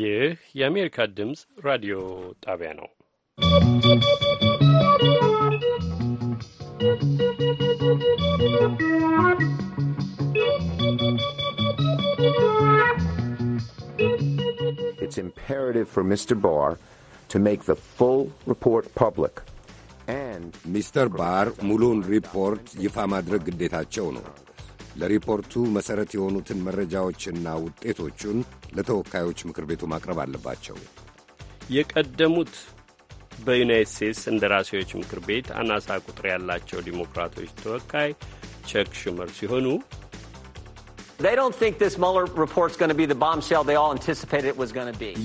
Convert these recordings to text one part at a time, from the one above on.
ይህ የአሜሪካ ድምፅ ራዲዮ ጣቢያ ነው። It's imperative for Mr. Barr to make the full report public. ሚስተር ባር Barr ሪፖርት ይፋ ማድረግ ግዴታቸው ነው። ለሪፖርቱ መሠረት የሆኑትን መረጃዎችና ውጤቶቹን ለተወካዮች ምክር ቤቱ ማቅረብ አለባቸው። የቀደሙት በዩናይት ስቴትስ እንደራሴዎች ምክር ቤት አናሳ ቁጥር ያላቸው ዲሞክራቶች ተወካይ ቸክ ሹመር ሲሆኑ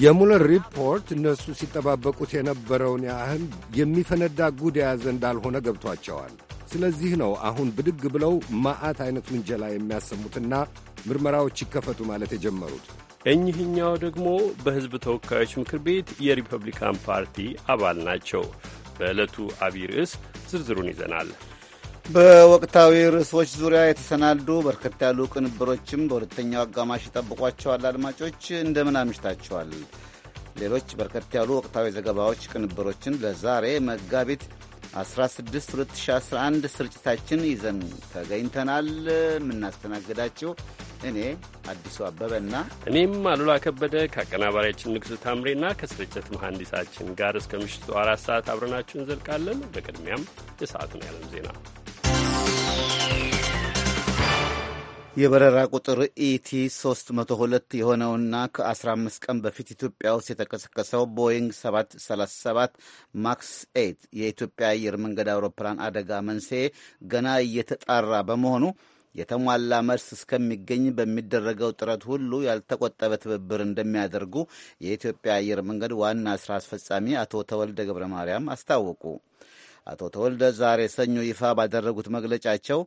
የሙለር ሪፖርት እነሱ ሲጠባበቁት የነበረውን ያህል የሚፈነዳ ጉድ የያዘ እንዳልሆነ ገብቷቸዋል። ስለዚህ ነው አሁን ብድግ ብለው ማአት አይነት ውንጀላ የሚያሰሙትና ምርመራዎች ይከፈቱ ማለት የጀመሩት። እኚህኛው ደግሞ በሕዝብ ተወካዮች ምክር ቤት የሪፐብሊካን ፓርቲ አባል ናቸው። በዕለቱ አብይ ርዕስ ዝርዝሩን ይዘናል። በወቅታዊ ርዕሶች ዙሪያ የተሰናዱ በርከት ያሉ ቅንብሮችም በሁለተኛው አጋማሽ ይጠብቋቸዋል። አድማጮች እንደምን አምሽታችኋል? ሌሎች በርከት ያሉ ወቅታዊ ዘገባዎች፣ ቅንብሮችን ለዛሬ መጋቢት 16 2011 ስርጭታችን ይዘን ተገኝተናል። የምናስተናግዳችሁ እኔ አዲሱ አበበና እኔም አሉላ ከበደ ከአቀናባሪያችን ንጉሥ ታምሬና ከስርጭት መሐንዲሳችን ጋር እስከ ምሽቱ አራት ሰዓት አብረናችሁ እንዘልቃለን። በቅድሚያም የሰዓቱን ያለም ዜና የበረራ ቁጥር ኢቲ 302 የሆነውና ከ15 ቀን በፊት ኢትዮጵያ ውስጥ የተቀሰቀሰው ቦይንግ 737 ማክስ 8 የኢትዮጵያ አየር መንገድ አውሮፕላን አደጋ መንስኤ ገና እየተጣራ በመሆኑ የተሟላ መልስ እስከሚገኝ በሚደረገው ጥረት ሁሉ ያልተቆጠበ ትብብር እንደሚያደርጉ የኢትዮጵያ አየር መንገድ ዋና ስራ አስፈጻሚ አቶ ተወልደ ገብረ ማርያም አስታወቁ። አቶ ተወልደ ዛሬ ሰኞ ይፋ ባደረጉት መግለጫቸው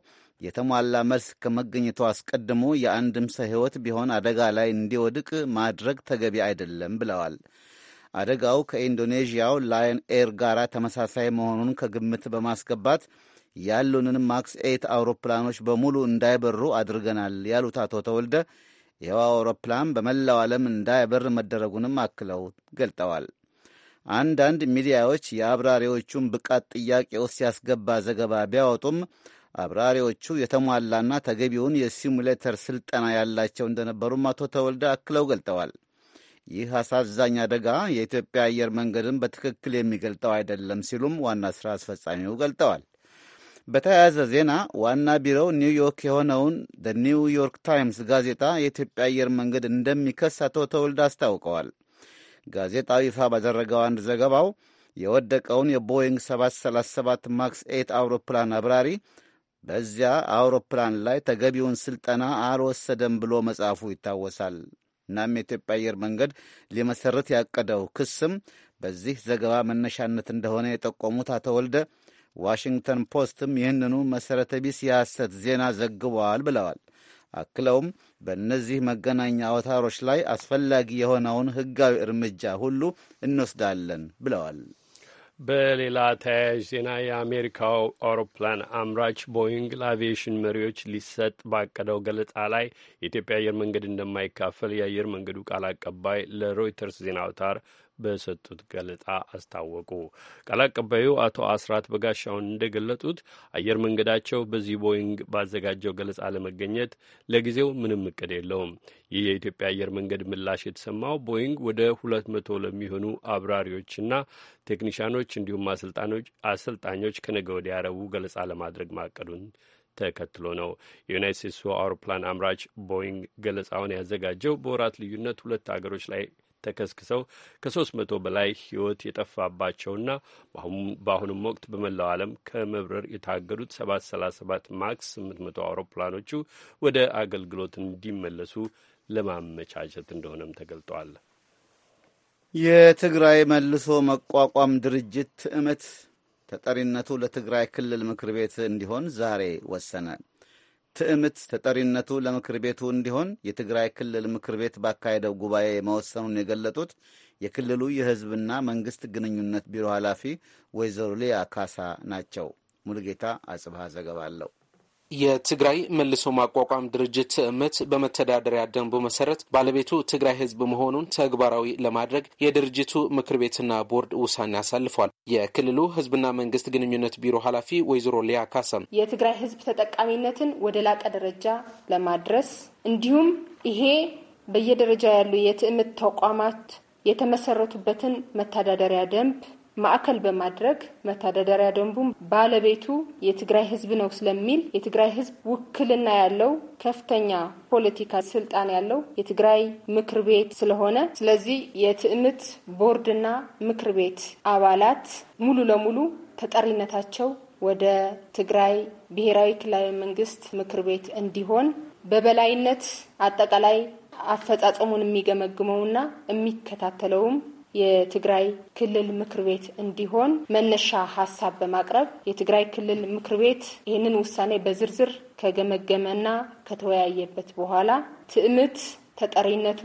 የተሟላ መልስ ከመገኘቱ አስቀድሞ የአንድም ሰው ሕይወት ቢሆን አደጋ ላይ እንዲወድቅ ማድረግ ተገቢ አይደለም ብለዋል። አደጋው ከኢንዶኔዥያው ላየን ኤር ጋር ተመሳሳይ መሆኑን ከግምት በማስገባት ያሉንን ማክስ ኤት አውሮፕላኖች በሙሉ እንዳይበሩ አድርገናል ያሉት አቶ ተወልደ ይኸው አውሮፕላን በመላው ዓለም እንዳይበር መደረጉንም አክለው ገልጠዋል። አንዳንድ ሚዲያዎች የአብራሪዎቹን ብቃት ጥያቄ ውስጥ ሲያስገባ ዘገባ ቢያወጡም አብራሪዎቹ የተሟላና ተገቢውን የሲሙሌተር ስልጠና ያላቸው እንደነበሩም አቶ ተወልደ አክለው ገልጠዋል። ይህ አሳዛኝ አደጋ የኢትዮጵያ አየር መንገድን በትክክል የሚገልጠው አይደለም ሲሉም ዋና ሥራ አስፈጻሚው ገልጠዋል። በተያያዘ ዜና ዋና ቢሮው ኒውዮርክ የሆነውን ኒውዮርክ ታይምስ ጋዜጣ የኢትዮጵያ አየር መንገድ እንደሚከስ አቶ ተወልደ አስታውቀዋል። ጋዜጣው ይፋ ባደረገው አንድ ዘገባው የወደቀውን የቦይንግ 737 ማክስ 8 አውሮፕላን አብራሪ በዚያ አውሮፕላን ላይ ተገቢውን ስልጠና አልወሰደም ብሎ መጻፉ ይታወሳል። እናም የኢትዮጵያ አየር መንገድ ሊመሰርት ያቀደው ክስም በዚህ ዘገባ መነሻነት እንደሆነ የጠቆሙት አቶ ወልደ ዋሽንግተን ፖስትም ይህንኑ መሠረተ ቢስ የሐሰት ዜና ዘግቧል ብለዋል። አክለውም በእነዚህ መገናኛ አውታሮች ላይ አስፈላጊ የሆነውን ሕጋዊ እርምጃ ሁሉ እንወስዳለን ብለዋል። በሌላ ተያያዥ ዜና የአሜሪካው አውሮፕላን አምራች ቦይንግ ለአቪዬሽን መሪዎች ሊሰጥ ባቀደው ገለጻ ላይ የኢትዮጵያ አየር መንገድ እንደማይካፈል የአየር መንገዱ ቃል አቀባይ ለሮይተርስ ዜና አውታር በሰጡት ገለጣ አስታወቁ። ቃል አቀባዩ አቶ አስራት በጋሻውን እንደገለጡት አየር መንገዳቸው በዚህ ቦይንግ ባዘጋጀው ገለጻ ለመገኘት ለጊዜው ምንም እቅድ የለውም። ይህ የኢትዮጵያ አየር መንገድ ምላሽ የተሰማው ቦይንግ ወደ ሁለት መቶ ለሚሆኑ አብራሪዎችና ቴክኒሽያኖች እንዲሁም አሰልጣኞች ከነገ ወዲያ ረቡዕ ገለጻ ለማድረግ ማቀዱን ተከትሎ ነው። የዩናይት ስቴትሱ አውሮፕላን አምራች ቦይንግ ገለጻውን ያዘጋጀው በወራት ልዩነት ሁለት አገሮች ላይ ተከስክሰው ከሶስት መቶ በላይ ህይወት የጠፋባቸውና በአሁኑም ወቅት በመላው ዓለም ከመብረር የታገዱት 737 ማክስ 800 አውሮፕላኖቹ ወደ አገልግሎት እንዲመለሱ ለማመቻቸት እንደሆነም ተገልጧል። የትግራይ መልሶ መቋቋም ድርጅት ትዕምት ተጠሪነቱ ለትግራይ ክልል ምክር ቤት እንዲሆን ዛሬ ወሰነ። ትዕምት ተጠሪነቱ ለምክር ቤቱ እንዲሆን የትግራይ ክልል ምክር ቤት ባካሄደው ጉባኤ መወሰኑን የገለጡት የክልሉ የሕዝብና መንግስት ግንኙነት ቢሮ ኃላፊ ወይዘሮ ሊያ ካሳ ናቸው። ሙልጌታ አጽብሃ ዘገባ አለው። የትግራይ መልሶ ማቋቋም ድርጅት ትዕምት በመተዳደሪያ ደንቡ መሰረት ባለቤቱ ትግራይ ህዝብ መሆኑን ተግባራዊ ለማድረግ የድርጅቱ ምክር ቤትና ቦርድ ውሳኔ አሳልፏል። የክልሉ ህዝብና መንግስት ግንኙነት ቢሮ ኃላፊ ወይዘሮ ሊያ ካሳም የትግራይ ህዝብ ተጠቃሚነትን ወደ ላቀ ደረጃ ለማድረስ እንዲሁም ይሄ በየደረጃ ያሉ የትዕምት ተቋማት የተመሰረቱበትን መተዳደሪያ ደንብ ማዕከል በማድረግ መተዳደሪያ ደንቡም ባለቤቱ የትግራይ ህዝብ ነው ስለሚል የትግራይ ህዝብ ውክልና ያለው ከፍተኛ ፖለቲካ ስልጣን ያለው የትግራይ ምክር ቤት ስለሆነ ስለዚህ የትዕምት ቦርድና ምክር ቤት አባላት ሙሉ ለሙሉ ተጠሪነታቸው ወደ ትግራይ ብሔራዊ ክልላዊ መንግስት ምክር ቤት እንዲሆን በበላይነት አጠቃላይ አፈጻጸሙን የሚገመግመውና የሚከታተለውም የትግራይ ክልል ምክር ቤት እንዲሆን መነሻ ሀሳብ በማቅረብ የትግራይ ክልል ምክር ቤት ይህንን ውሳኔ በዝርዝር ከገመገመና ከተወያየበት በኋላ ትዕምት ተጠሪነቱ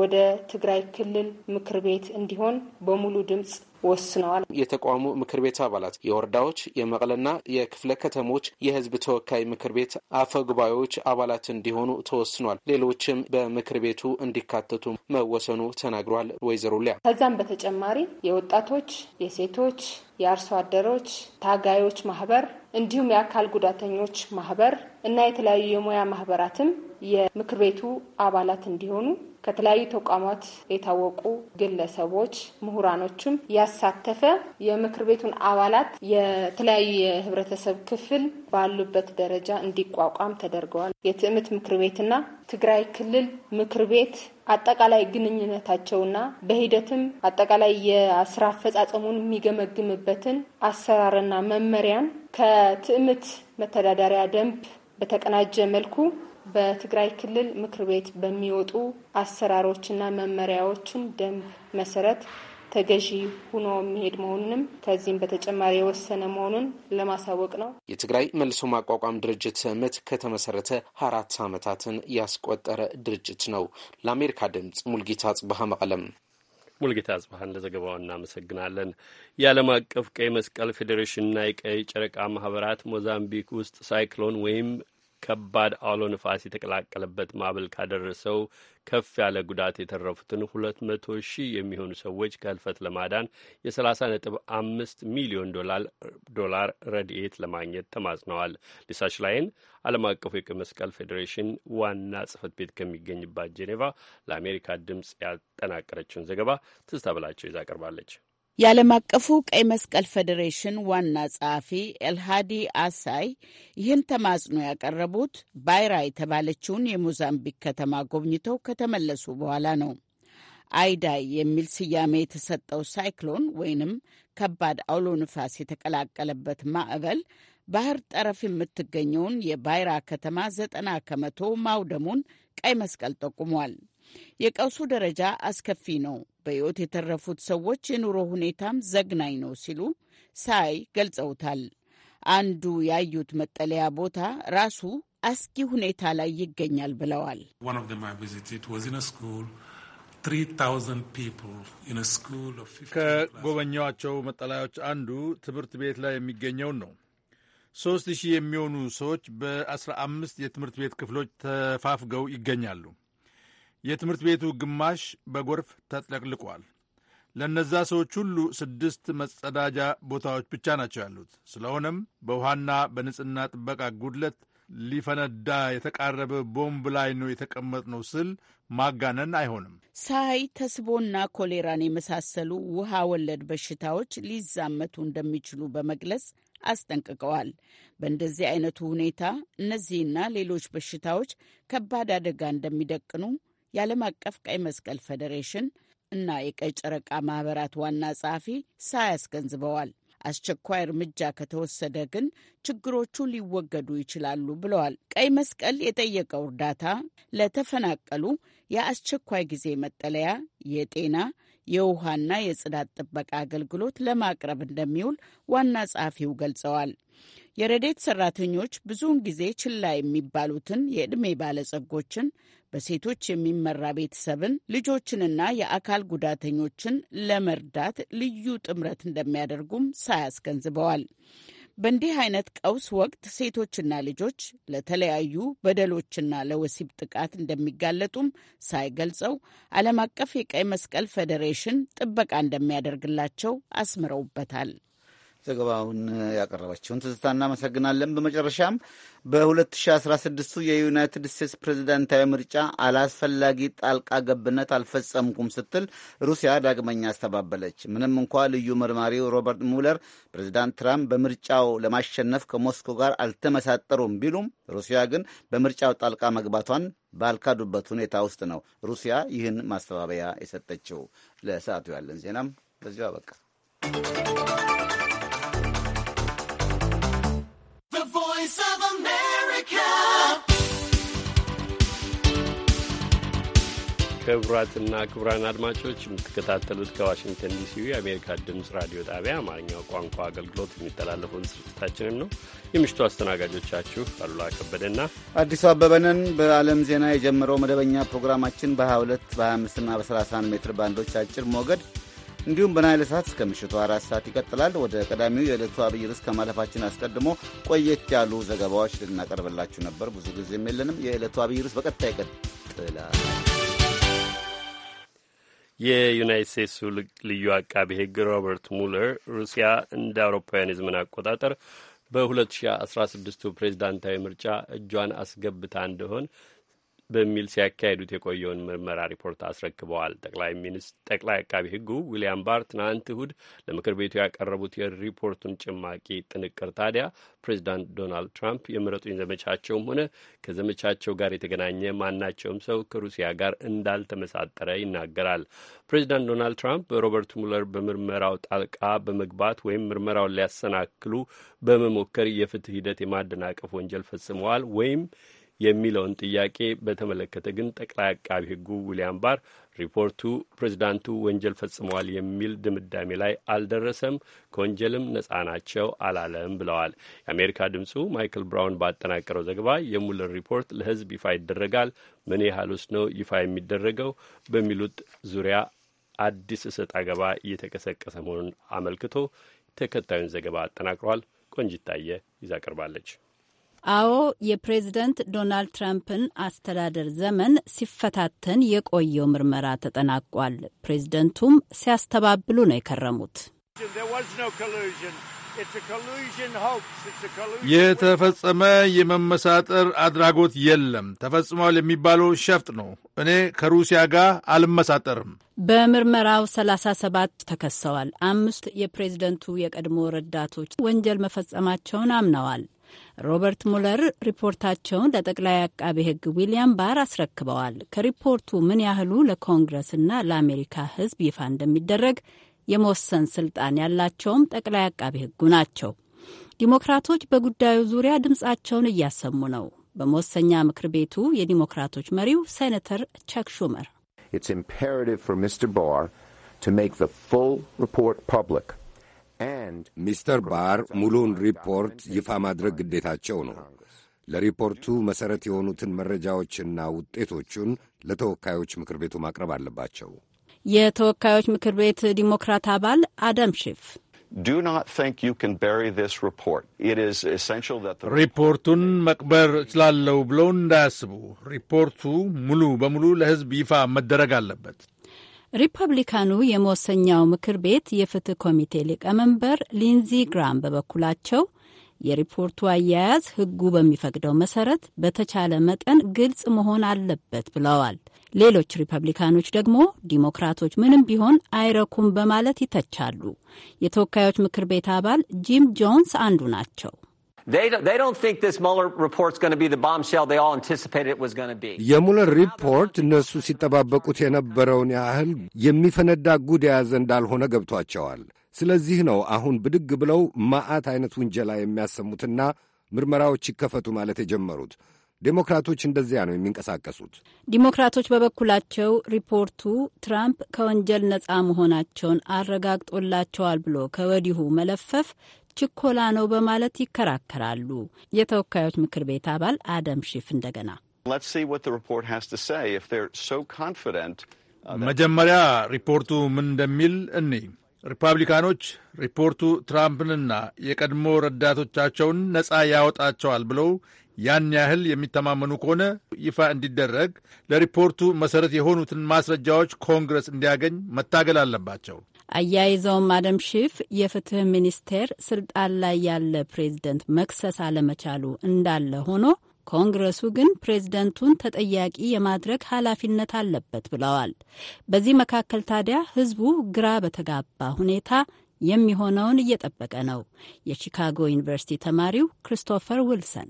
ወደ ትግራይ ክልል ምክር ቤት እንዲሆን በሙሉ ድምፅ ወስነዋል። የተቋሙ ምክር ቤት አባላት የወረዳዎች የመቀለና የክፍለ ከተሞች የህዝብ ተወካይ ምክር ቤት አፈ ጉባኤዎች አባላት እንዲሆኑ ተወስኗል። ሌሎችም በምክር ቤቱ እንዲካተቱ መወሰኑ ተናግሯል። ወይዘሮ ሊያ ከዛም በተጨማሪ የወጣቶች፣ የሴቶች፣ የአርሶ አደሮች ታጋዮች ማህበር እንዲሁም የአካል ጉዳተኞች ማህበር እና የተለያዩ የሙያ ማህበራትም የምክር ቤቱ አባላት እንዲሆኑ ከተለያዩ ተቋማት የታወቁ ግለሰቦች፣ ምሁራኖችም ያሳተፈ የምክር ቤቱን አባላት የተለያዩ የህብረተሰብ ክፍል ባሉበት ደረጃ እንዲቋቋም ተደርገዋል። የትዕምት ምክር ቤትና ትግራይ ክልል ምክር ቤት አጠቃላይ ግንኙነታቸውና በሂደትም አጠቃላይ የስራ አፈጻጸሙን የሚገመግምበትን አሰራርና መመሪያን ከትዕምት መተዳደሪያ ደንብ በተቀናጀ መልኩ በትግራይ ክልል ምክር ቤት በሚወጡ አሰራሮችና መመሪያዎችን ደንብ መሰረት ተገዢ ሆኖ የሚሄድ መሆኑንም ከዚህም በተጨማሪ የወሰነ መሆኑን ለማሳወቅ ነው። የትግራይ መልሶ ማቋቋም ድርጅት ስምት ከተመሰረተ አራት ዓመታትን ያስቆጠረ ድርጅት ነው። ለአሜሪካ ድምጽ ሙልጌታ አጽብሃ መቀለም። ሙልጌታ አጽብሃን ለዘገባው እናመሰግናለን። የዓለም አቀፍ ቀይ መስቀል ፌዴሬሽንና የቀይ ጨረቃ ማህበራት ሞዛምቢክ ውስጥ ሳይክሎን ወይም ከባድ አውሎ ንፋስ የተቀላቀለበት ማዕበል ካደረሰው ከፍ ያለ ጉዳት የተረፉትን ሁለት መቶ ሺህ የሚሆኑ ሰዎች ከህልፈት ለማዳን የሰላሳ ነጥብ አምስት ሚሊዮን ዶላር ረድኤት ለማግኘት ተማጽነዋል። ሊሳ ሽላይን ዓለም አቀፉ የቀይ መስቀል ፌዴሬሽን ዋና ጽህፈት ቤት ከሚገኝባት ጄኔቫ ለአሜሪካ ድምፅ ያጠናቀረችውን ዘገባ ትዝታ ብላቸው ይዛ ቀርባለች። የዓለም አቀፉ ቀይ መስቀል ፌዴሬሽን ዋና ጸሐፊ ኤልሃዲ አሳይ ይህን ተማጽኖ ያቀረቡት ባይራ የተባለችውን የሞዛምቢክ ከተማ ጎብኝተው ከተመለሱ በኋላ ነው። አይዳይ የሚል ስያሜ የተሰጠው ሳይክሎን ወይንም ከባድ አውሎ ንፋስ የተቀላቀለበት ማዕበል ባህር ጠረፍ የምትገኘውን የባይራ ከተማ ዘጠና ከመቶ ማውደሙን ቀይ መስቀል ጠቁሟል። የቀውሱ ደረጃ አስከፊ ነው፣ በሕይወት የተረፉት ሰዎች የኑሮ ሁኔታም ዘግናኝ ነው ሲሉ ሳይ ገልጸውታል። አንዱ ያዩት መጠለያ ቦታ ራሱ አስጊ ሁኔታ ላይ ይገኛል ብለዋል። ከጎበኛቸው መጠለያዎች አንዱ ትምህርት ቤት ላይ የሚገኘውን ነው። ሦስት ሺህ የሚሆኑ ሰዎች በአስራ አምስት የትምህርት ቤት ክፍሎች ተፋፍገው ይገኛሉ። የትምህርት ቤቱ ግማሽ በጎርፍ ተጥለቅልቋል። ለእነዛ ሰዎች ሁሉ ስድስት መጸዳጃ ቦታዎች ብቻ ናቸው ያሉት። ስለሆነም በውሃና በንጽህና ጥበቃ ጉድለት ሊፈነዳ የተቃረበ ቦምብ ላይ ነው የተቀመጥነው ስል ማጋነን አይሆንም። ሳይ ተስቦና ኮሌራን የመሳሰሉ ውሃ ወለድ በሽታዎች ሊዛመቱ እንደሚችሉ በመግለጽ አስጠንቅቀዋል። በእንደዚህ አይነቱ ሁኔታ እነዚህና ሌሎች በሽታዎች ከባድ አደጋ እንደሚደቅኑ የዓለም አቀፍ ቀይ መስቀል ፌዴሬሽን እና የቀይ ጨረቃ ማህበራት ዋና ጸሐፊ ሳያስገንዝበዋል። አስቸኳይ እርምጃ ከተወሰደ ግን ችግሮቹ ሊወገዱ ይችላሉ ብለዋል። ቀይ መስቀል የጠየቀው እርዳታ ለተፈናቀሉ የአስቸኳይ ጊዜ መጠለያ፣ የጤና፣ የውሃና የጽዳት ጥበቃ አገልግሎት ለማቅረብ እንደሚውል ዋና ጸሐፊው ገልጸዋል። የረዴት ሰራተኞች ብዙውን ጊዜ ችላ የሚባሉትን የዕድሜ ባለጸጎችን በሴቶች የሚመራ ቤተሰብን ልጆችንና የአካል ጉዳተኞችን ለመርዳት ልዩ ጥምረት እንደሚያደርጉም ሳያስገንዝበዋል። በእንዲህ አይነት ቀውስ ወቅት ሴቶችና ልጆች ለተለያዩ በደሎችና ለወሲብ ጥቃት እንደሚጋለጡም ሳይገልጸው ዓለም አቀፍ የቀይ መስቀል ፌዴሬሽን ጥበቃ እንደሚያደርግላቸው አስምረውበታል። ዘገባውን ያቀረበችውን ትዝታ እናመሰግናለን። በመጨረሻም በ2016ቱ የዩናይትድ ስቴትስ ፕሬዚዳንታዊ ምርጫ አላስፈላጊ ጣልቃ ገብነት አልፈጸምኩም ስትል ሩሲያ ዳግመኛ አስተባበለች። ምንም እንኳ ልዩ መርማሪው ሮበርት ሙለር ፕሬዚዳንት ትራምፕ በምርጫው ለማሸነፍ ከሞስኮ ጋር አልተመሳጠሩም ቢሉም ሩሲያ ግን በምርጫው ጣልቃ መግባቷን ባልካዱበት ሁኔታ ውስጥ ነው ሩሲያ ይህን ማስተባበያ የሰጠችው። ለሰዓቱ ያለን ዜናም በዚሁ አበቃ። ክቡራትና ክቡራን አድማጮች የምትከታተሉት ከዋሽንግተን ዲሲ የአሜሪካ ድምፅ ራዲዮ ጣቢያ አማርኛው ቋንቋ አገልግሎት የሚተላለፈውን ስርጭታችንን ነው። የምሽቱ አስተናጋጆቻችሁ አሉላ ከበደና አዲሱ አበበንን በዓለም ዜና የጀመረው መደበኛ ፕሮግራማችን በ22 በ25ና በ31 ሜትር ባንዶች አጭር ሞገድ እንዲሁም በናይል ሰዓት እስከ ምሽቱ አራት ሰዓት ይቀጥላል። ወደ ቀዳሚው የዕለቱ አብይ ርዕስ ከማለፋችን አስቀድሞ ቆየት ያሉ ዘገባዎች ልናቀርብላችሁ ነበር፣ ብዙ ጊዜም የለንም። የዕለቱ አብይ ርዕስ በቀጥታ ይቀጥላል። የዩናይት ስቴትሱ ልዩ አቃቢ ሕግ ሮበርት ሙለር ሩሲያ እንደ አውሮፓውያን የዘመን አቆጣጠር በ2016ቱ ፕሬዚዳንታዊ ምርጫ እጇን አስገብታ እንደሆን በሚል ሲያካሄዱት የቆየውን ምርመራ ሪፖርት አስረክበዋል። ጠቅላይ ሚኒስትር ጠቅላይ አቃቢ ሕጉ ዊልያም ባር ትናንት እሁድ ለምክር ቤቱ ያቀረቡት የሪፖርቱን ጭማቂ ጥንቅር ታዲያ ፕሬዚዳንት ዶናልድ ትራምፕ የምረጡኝ ዘመቻቸውም ሆነ ከዘመቻቸው ጋር የተገናኘ ማናቸውም ሰው ከሩሲያ ጋር እንዳልተመሳጠረ ይናገራል። ፕሬዚዳንት ዶናልድ ትራምፕ በሮበርት ሙለር በምርመራው ጣልቃ በመግባት ወይም ምርመራውን ሊያሰናክሉ በመሞከር የፍትህ ሂደት የማደናቀፍ ወንጀል ፈጽመዋል ወይም የሚለውን ጥያቄ በተመለከተ ግን ጠቅላይ አቃቢ ሕጉ ዊልያም ባር ሪፖርቱ ፕሬዚዳንቱ ወንጀል ፈጽመዋል የሚል ድምዳሜ ላይ አልደረሰም፣ ከወንጀልም ነጻ ናቸው አላለም ብለዋል። የአሜሪካ ድምፁ ማይክል ብራውን ባጠናቀረው ዘገባ የሙለር ሪፖርት ለህዝብ ይፋ ይደረጋል፣ ምን ያህል ውስጥ ነው ይፋ የሚደረገው በሚሉት ዙሪያ አዲስ እሰጥ አገባ እየተቀሰቀሰ መሆኑን አመልክቶ ተከታዩን ዘገባ አጠናቅሯል። ቆንጅታየ ይዛ ቀርባለች። አዎ የፕሬዝደንት ዶናልድ ትራምፕን አስተዳደር ዘመን ሲፈታተን የቆየው ምርመራ ተጠናቋል። ፕሬዝደንቱም ሲያስተባብሉ ነው የከረሙት። የተፈጸመ የመመሳጠር አድራጎት የለም፣ ተፈጽሟል የሚባለው ሸፍጥ ነው። እኔ ከሩሲያ ጋር አልመሳጠርም። በምርመራው 37 ተከሰዋል። አምስት የፕሬዝደንቱ የቀድሞ ረዳቶች ወንጀል መፈጸማቸውን አምነዋል። ሮበርት ሙለር ሪፖርታቸውን ለጠቅላይ አቃቤ ሕግ ዊሊያም ባር አስረክበዋል። ከሪፖርቱ ምን ያህሉ ለኮንግረስና ለአሜሪካ ሕዝብ ይፋ እንደሚደረግ የመወሰን ስልጣን ያላቸውም ጠቅላይ አቃቤ ሕጉ ናቸው። ዲሞክራቶች በጉዳዩ ዙሪያ ድምፃቸውን እያሰሙ ነው። በመወሰኛ ምክር ቤቱ የዲሞክራቶች መሪው ሴኔተር ቸክ ሹመር It's imperative for Mr. Barr to ሚስተር ባር ሙሉውን ሪፖርት ይፋ ማድረግ ግዴታቸው ነው። ለሪፖርቱ መሠረት የሆኑትን መረጃዎችና ውጤቶቹን ለተወካዮች ምክር ቤቱ ማቅረብ አለባቸው። የተወካዮች ምክር ቤት ዲሞክራት አባል አደም ሼፍ ሪፖርቱን መቅበር እችላለሁ ብለው እንዳያስቡ፣ ሪፖርቱ ሙሉ በሙሉ ለሕዝብ ይፋ መደረግ አለበት። ሪፐብሊካኑ የመወሰኛው ምክር ቤት የፍትህ ኮሚቴ ሊቀመንበር ሊንዚ ግራም በበኩላቸው የሪፖርቱ አያያዝ ህጉ በሚፈቅደው መሰረት በተቻለ መጠን ግልጽ መሆን አለበት ብለዋል። ሌሎች ሪፐብሊካኖች ደግሞ ዲሞክራቶች ምንም ቢሆን አይረኩም በማለት ይተቻሉ። የተወካዮች ምክር ቤት አባል ጂም ጆንስ አንዱ ናቸው። They don't, they don't think this Mueller report's going to be the bombshell they all anticipated it was going to be. የሙለር ሪፖርት እነሱ ሲጠባበቁት የነበረውን ያህል የሚፈነዳ ጉድ የያዘ እንዳልሆነ ገብቷቸዋል። ስለዚህ ነው አሁን ብድግ ብለው ማአት አይነት ውንጀላ የሚያሰሙትና ምርመራዎች ይከፈቱ ማለት የጀመሩት። ዴሞክራቶች እንደዚያ ነው የሚንቀሳቀሱት። ዲሞክራቶች በበኩላቸው ሪፖርቱ ትራምፕ ከወንጀል ነጻ መሆናቸውን አረጋግጦላቸዋል ብሎ ከወዲሁ መለፈፍ ችኮላ ነው በማለት ይከራከራሉ። የተወካዮች ምክር ቤት አባል አደም ሺፍ እንደገና uh, መጀመሪያ ሪፖርቱ ምን እንደሚል እኔ ሪፐብሊካኖች ሪፖርቱ ትራምፕንና የቀድሞ ረዳቶቻቸውን ነፃ ያወጣቸዋል ብለው ያን ያህል የሚተማመኑ ከሆነ ይፋ እንዲደረግ ለሪፖርቱ መሠረት የሆኑትን ማስረጃዎች ኮንግረስ እንዲያገኝ መታገል አለባቸው። አያይዘውም አደም ሺፍ የፍትህ ሚኒስቴር ስልጣን ላይ ያለ ፕሬዝደንት መክሰስ አለመቻሉ እንዳለ ሆኖ ኮንግረሱ ግን ፕሬዝደንቱን ተጠያቂ የማድረግ ኃላፊነት አለበት ብለዋል። በዚህ መካከል ታዲያ ህዝቡ ግራ በተጋባ ሁኔታ የሚሆነውን እየጠበቀ ነው። የቺካጎ ዩኒቨርሲቲ ተማሪው ክሪስቶፈር ዊልሰን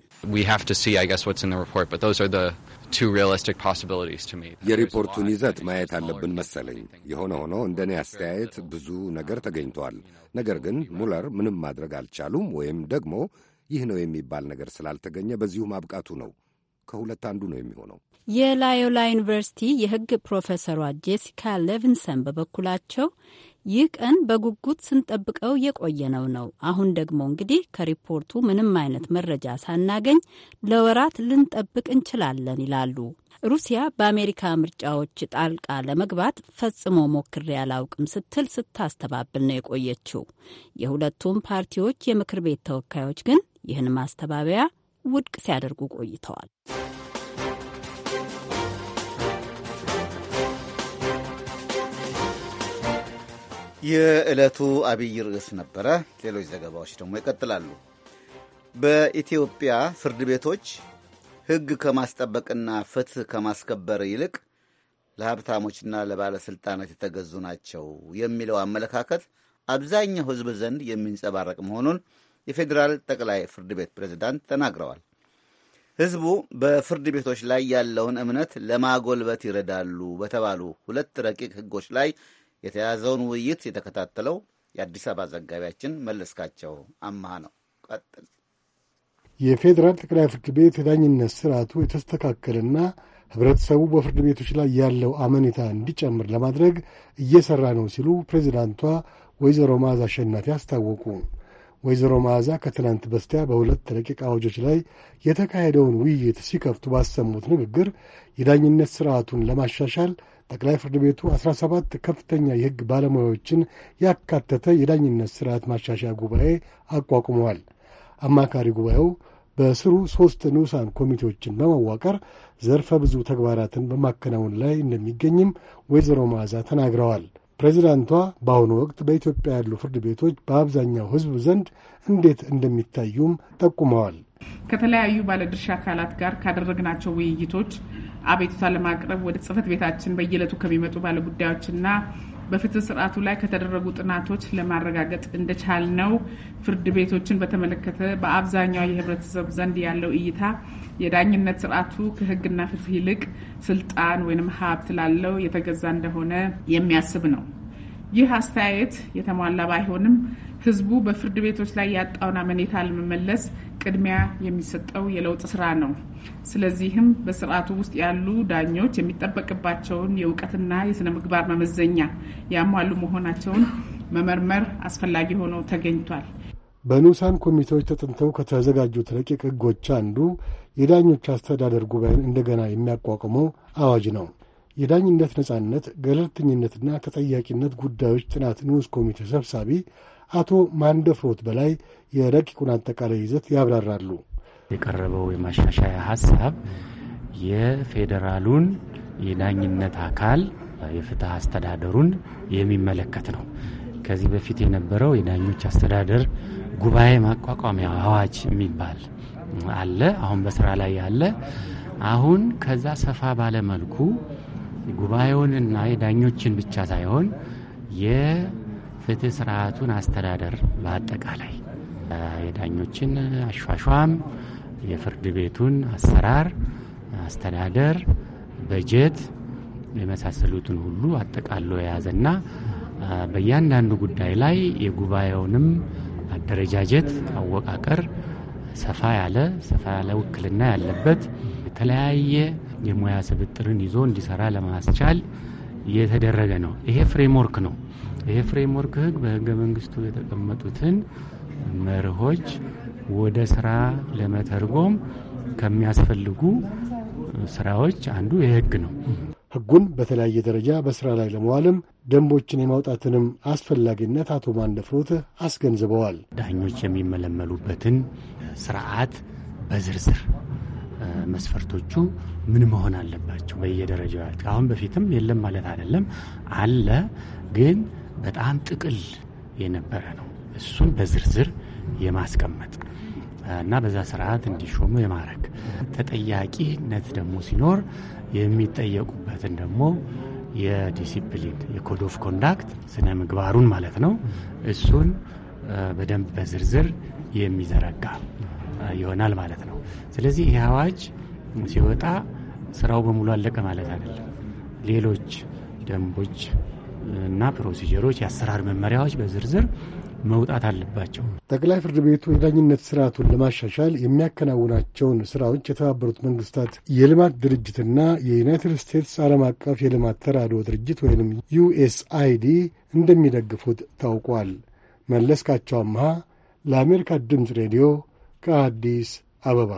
የሪፖርቱን ይዘት ማየት አለብን መሰለኝ። የሆነ ሆኖ እንደ እኔ አስተያየት ብዙ ነገር ተገኝቷል። ነገር ግን ሙለር ምንም ማድረግ አልቻሉም፣ ወይም ደግሞ ይህ ነው የሚባል ነገር ስላልተገኘ በዚሁ ማብቃቱ ነው። ከሁለት አንዱ ነው የሚሆነው። የላዮላ ዩኒቨርሲቲ የሕግ ፕሮፌሰሯ ጄሲካ ሌቪንሰን በበኩላቸው ይህ ቀን በጉጉት ስንጠብቀው የቆየነው ነው። አሁን ደግሞ እንግዲህ ከሪፖርቱ ምንም አይነት መረጃ ሳናገኝ ለወራት ልንጠብቅ እንችላለን ይላሉ። ሩሲያ በአሜሪካ ምርጫዎች ጣልቃ ለመግባት ፈጽሞ ሞክሬ አላውቅም ስትል ስታስተባብል ነው የቆየችው። የሁለቱም ፓርቲዎች የምክር ቤት ተወካዮች ግን ይህን ማስተባበያ ውድቅ ሲያደርጉ ቆይተዋል። የዕለቱ አብይ ርዕስ ነበረ። ሌሎች ዘገባዎች ደግሞ ይቀጥላሉ። በኢትዮጵያ ፍርድ ቤቶች ሕግ ከማስጠበቅና ፍትህ ከማስከበር ይልቅ ለሀብታሞችና ለባለሥልጣናት የተገዙ ናቸው የሚለው አመለካከት አብዛኛው ሕዝብ ዘንድ የሚንጸባረቅ መሆኑን የፌዴራል ጠቅላይ ፍርድ ቤት ፕሬዝዳንት ተናግረዋል። ሕዝቡ በፍርድ ቤቶች ላይ ያለውን እምነት ለማጎልበት ይረዳሉ በተባሉ ሁለት ረቂቅ ሕጎች ላይ የተያዘውን ውይይት የተከታተለው የአዲስ አበባ ዘጋቢያችን መለስካቸው አማሃ ነው። ቀጥል። የፌዴራል ጠቅላይ ፍርድ ቤት የዳኝነት ስርዓቱ የተስተካከለና ህብረተሰቡ በፍርድ ቤቶች ላይ ያለው አመኔታ እንዲጨምር ለማድረግ እየሰራ ነው ሲሉ ፕሬዚዳንቷ ወይዘሮ መዓዛ አሸናፊ አስታወቁ። ወይዘሮ መዓዛ ከትናንት በስቲያ በሁለት ረቂቅ አዋጆች ላይ የተካሄደውን ውይይት ሲከፍቱ ባሰሙት ንግግር የዳኝነት ስርዓቱን ለማሻሻል ጠቅላይ ፍርድ ቤቱ 17 ከፍተኛ የሕግ ባለሙያዎችን ያካተተ የዳኝነት ስርዓት ማሻሻያ ጉባኤ አቋቁመዋል። አማካሪ ጉባኤው በስሩ ሦስት ንዑሳን ኮሚቴዎችን በማዋቀር ዘርፈ ብዙ ተግባራትን በማከናወን ላይ እንደሚገኝም ወይዘሮ መዓዛ ተናግረዋል። ፕሬዚዳንቷ በአሁኑ ወቅት በኢትዮጵያ ያሉ ፍርድ ቤቶች በአብዛኛው ሕዝብ ዘንድ እንዴት እንደሚታዩም ጠቁመዋል። ከተለያዩ ባለድርሻ አካላት ጋር ካደረግናቸው ውይይቶች አቤቱታ ለማቅረብ ወደ ጽህፈት ቤታችን በየዕለቱ ከሚመጡ ባለጉዳዮችና በፍትህ ስርዓቱ ላይ ከተደረጉ ጥናቶች ለማረጋገጥ እንደቻልነው ፍርድ ቤቶችን በተመለከተ በአብዛኛው የህብረተሰብ ዘንድ ያለው እይታ የዳኝነት ስርዓቱ ከህግና ፍትህ ይልቅ ስልጣን ወይም ሀብት ላለው የተገዛ እንደሆነ የሚያስብ ነው። ይህ አስተያየት የተሟላ ባይሆንም ህዝቡ በፍርድ ቤቶች ላይ ያጣውን አመኔታ ለመመለስ ቅድሚያ የሚሰጠው የለውጥ ስራ ነው። ስለዚህም በስርዓቱ ውስጥ ያሉ ዳኞች የሚጠበቅባቸውን የእውቀትና የስነ ምግባር መመዘኛ ያሟሉ መሆናቸውን መመርመር አስፈላጊ ሆኖ ተገኝቷል። በንዑሳን ኮሚቴዎች ተጥንተው ከተዘጋጁት ረቂቅ ህጎች አንዱ የዳኞች አስተዳደር ጉባኤን እንደገና የሚያቋቁመው አዋጅ ነው። የዳኝነት ነጻነት፣ ገለልተኝነትና ተጠያቂነት ጉዳዮች ጥናት ንዑስ ኮሚቴ ሰብሳቢ አቶ ማንደፍሮት በላይ የረቂቁን አጠቃላይ ይዘት ያብራራሉ። የቀረበው የማሻሻያ ሀሳብ የፌዴራሉን የዳኝነት አካል የፍትህ አስተዳደሩን የሚመለከት ነው። ከዚህ በፊት የነበረው የዳኞች አስተዳደር ጉባኤ ማቋቋሚያ አዋጅ የሚባል አለ፣ አሁን በስራ ላይ ያለ። አሁን ከዛ ሰፋ ባለ መልኩ ጉባኤውንና የዳኞችን ብቻ ሳይሆን የፍትህ ስርዓቱን አስተዳደር በአጠቃላይ የዳኞችን አሿሿም፣ የፍርድ ቤቱን አሰራር፣ አስተዳደር፣ በጀት የመሳሰሉትን ሁሉ አጠቃሎ የያዘና በእያንዳንዱ ጉዳይ ላይ የጉባኤውንም አደረጃጀት አወቃቀር ሰፋ ያለ ሰፋ ያለ ውክልና ያለበት የተለያየ የሙያ ስብጥርን ይዞ እንዲሰራ ለማስቻል የተደረገ ነው። ይሄ ፍሬምወርክ ነው። ይሄ ፍሬምወርክ ህግ በህገ መንግስቱ የተቀመጡትን መርሆች ወደ ስራ ለመተርጎም ከሚያስፈልጉ ስራዎች አንዱ የህግ ነው። ህጉን በተለያየ ደረጃ በስራ ላይ ለመዋልም ደንቦችን የማውጣትንም አስፈላጊነት አቶ ማንደፍሮት አስገንዝበዋል። ዳኞች የሚመለመሉበትን ስርዓት በዝርዝር መስፈርቶቹ ምን መሆን አለባቸው በየደረጃው ከአሁን በፊትም የለም ማለት አይደለም አለ ግን በጣም ጥቅል የነበረ ነው እሱን በዝርዝር የማስቀመጥ እና በዛ ስርዓት እንዲሾሙ የማድረግ ተጠያቂነት ደግሞ ሲኖር የሚጠየቁበትን ደግሞ የዲሲፕሊን የኮድ ኦፍ ኮንዳክት ስነ ምግባሩን ማለት ነው እሱን በደንብ በዝርዝር የሚዘረጋ ይሆናል ማለት ነው። ስለዚህ ይህ አዋጅ ሲወጣ ስራው በሙሉ አለቀ ማለት አይደለም። ሌሎች ደንቦች እና ፕሮሲጀሮች፣ የአሰራር መመሪያዎች በዝርዝር መውጣት አለባቸው። ጠቅላይ ፍርድ ቤቱ የዳኝነት ስርዓቱን ለማሻሻል የሚያከናውናቸውን ስራዎች የተባበሩት መንግስታት የልማት ድርጅትና የዩናይትድ ስቴትስ ዓለም አቀፍ የልማት ተራድኦ ድርጅት ወይም ዩኤስአይዲ እንደሚደግፉት ታውቋል። መለስካቸው አምሃ ለአሜሪካ ድምፅ ሬዲዮ ከአዲስ አበባ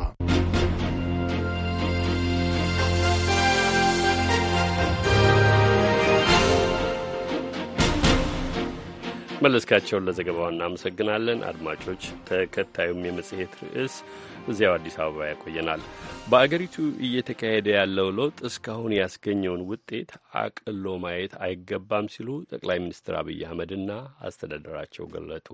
መለስካቸውን ለዘገባው እናመሰግናለን። አድማጮች፣ ተከታዩም የመጽሔት ርዕስ እዚያው አዲስ አበባ ያቆየናል። በአገሪቱ እየተካሄደ ያለው ለውጥ እስካሁን ያስገኘውን ውጤት አቅሎ ማየት አይገባም ሲሉ ጠቅላይ ሚኒስትር አብይ አህመድና አስተዳደራቸው ገለጡ።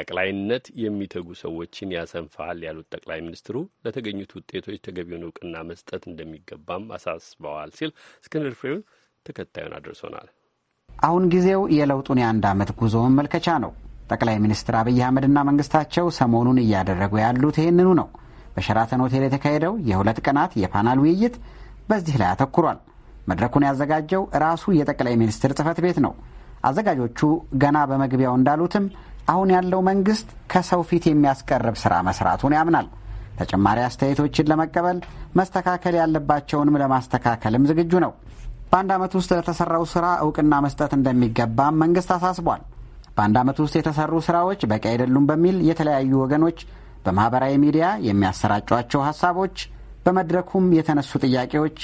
አቅላይነት የሚተጉ ሰዎችን ያሰንፋል ያሉት ጠቅላይ ሚኒስትሩ ለተገኙት ውጤቶች ተገቢውን እውቅና መስጠት እንደሚገባም አሳስበዋል ሲል እስክንድር ፍሬው ተከታዩን አድርሶናል። አሁን ጊዜው የለውጡን የአንድ ዓመት ጉዞ መመልከቻ ነው። ጠቅላይ ሚኒስትር አብይ አህመድና መንግስታቸው ሰሞኑን እያደረጉ ያሉት ይህንኑ ነው። በሸራተን ሆቴል የተካሄደው የሁለት ቀናት የፓናል ውይይት በዚህ ላይ አተኩሯል። መድረኩን ያዘጋጀው ራሱ የጠቅላይ ሚኒስትር ጽህፈት ቤት ነው። አዘጋጆቹ ገና በመግቢያው እንዳሉትም አሁን ያለው መንግስት ከሰው ፊት የሚያስቀርብ ስራ መስራቱን ያምናል። ተጨማሪ አስተያየቶችን ለመቀበል መስተካከል ያለባቸውንም ለማስተካከልም ዝግጁ ነው። በአንድ ዓመት ውስጥ ለተሰራው ስራ እውቅና መስጠት እንደሚገባም መንግስት አሳስቧል። በአንድ ዓመት ውስጥ የተሰሩ ስራዎች በቂ አይደሉም በሚል የተለያዩ ወገኖች በማኅበራዊ ሚዲያ የሚያሰራጯቸው ሐሳቦች፣ በመድረኩም የተነሱ ጥያቄዎች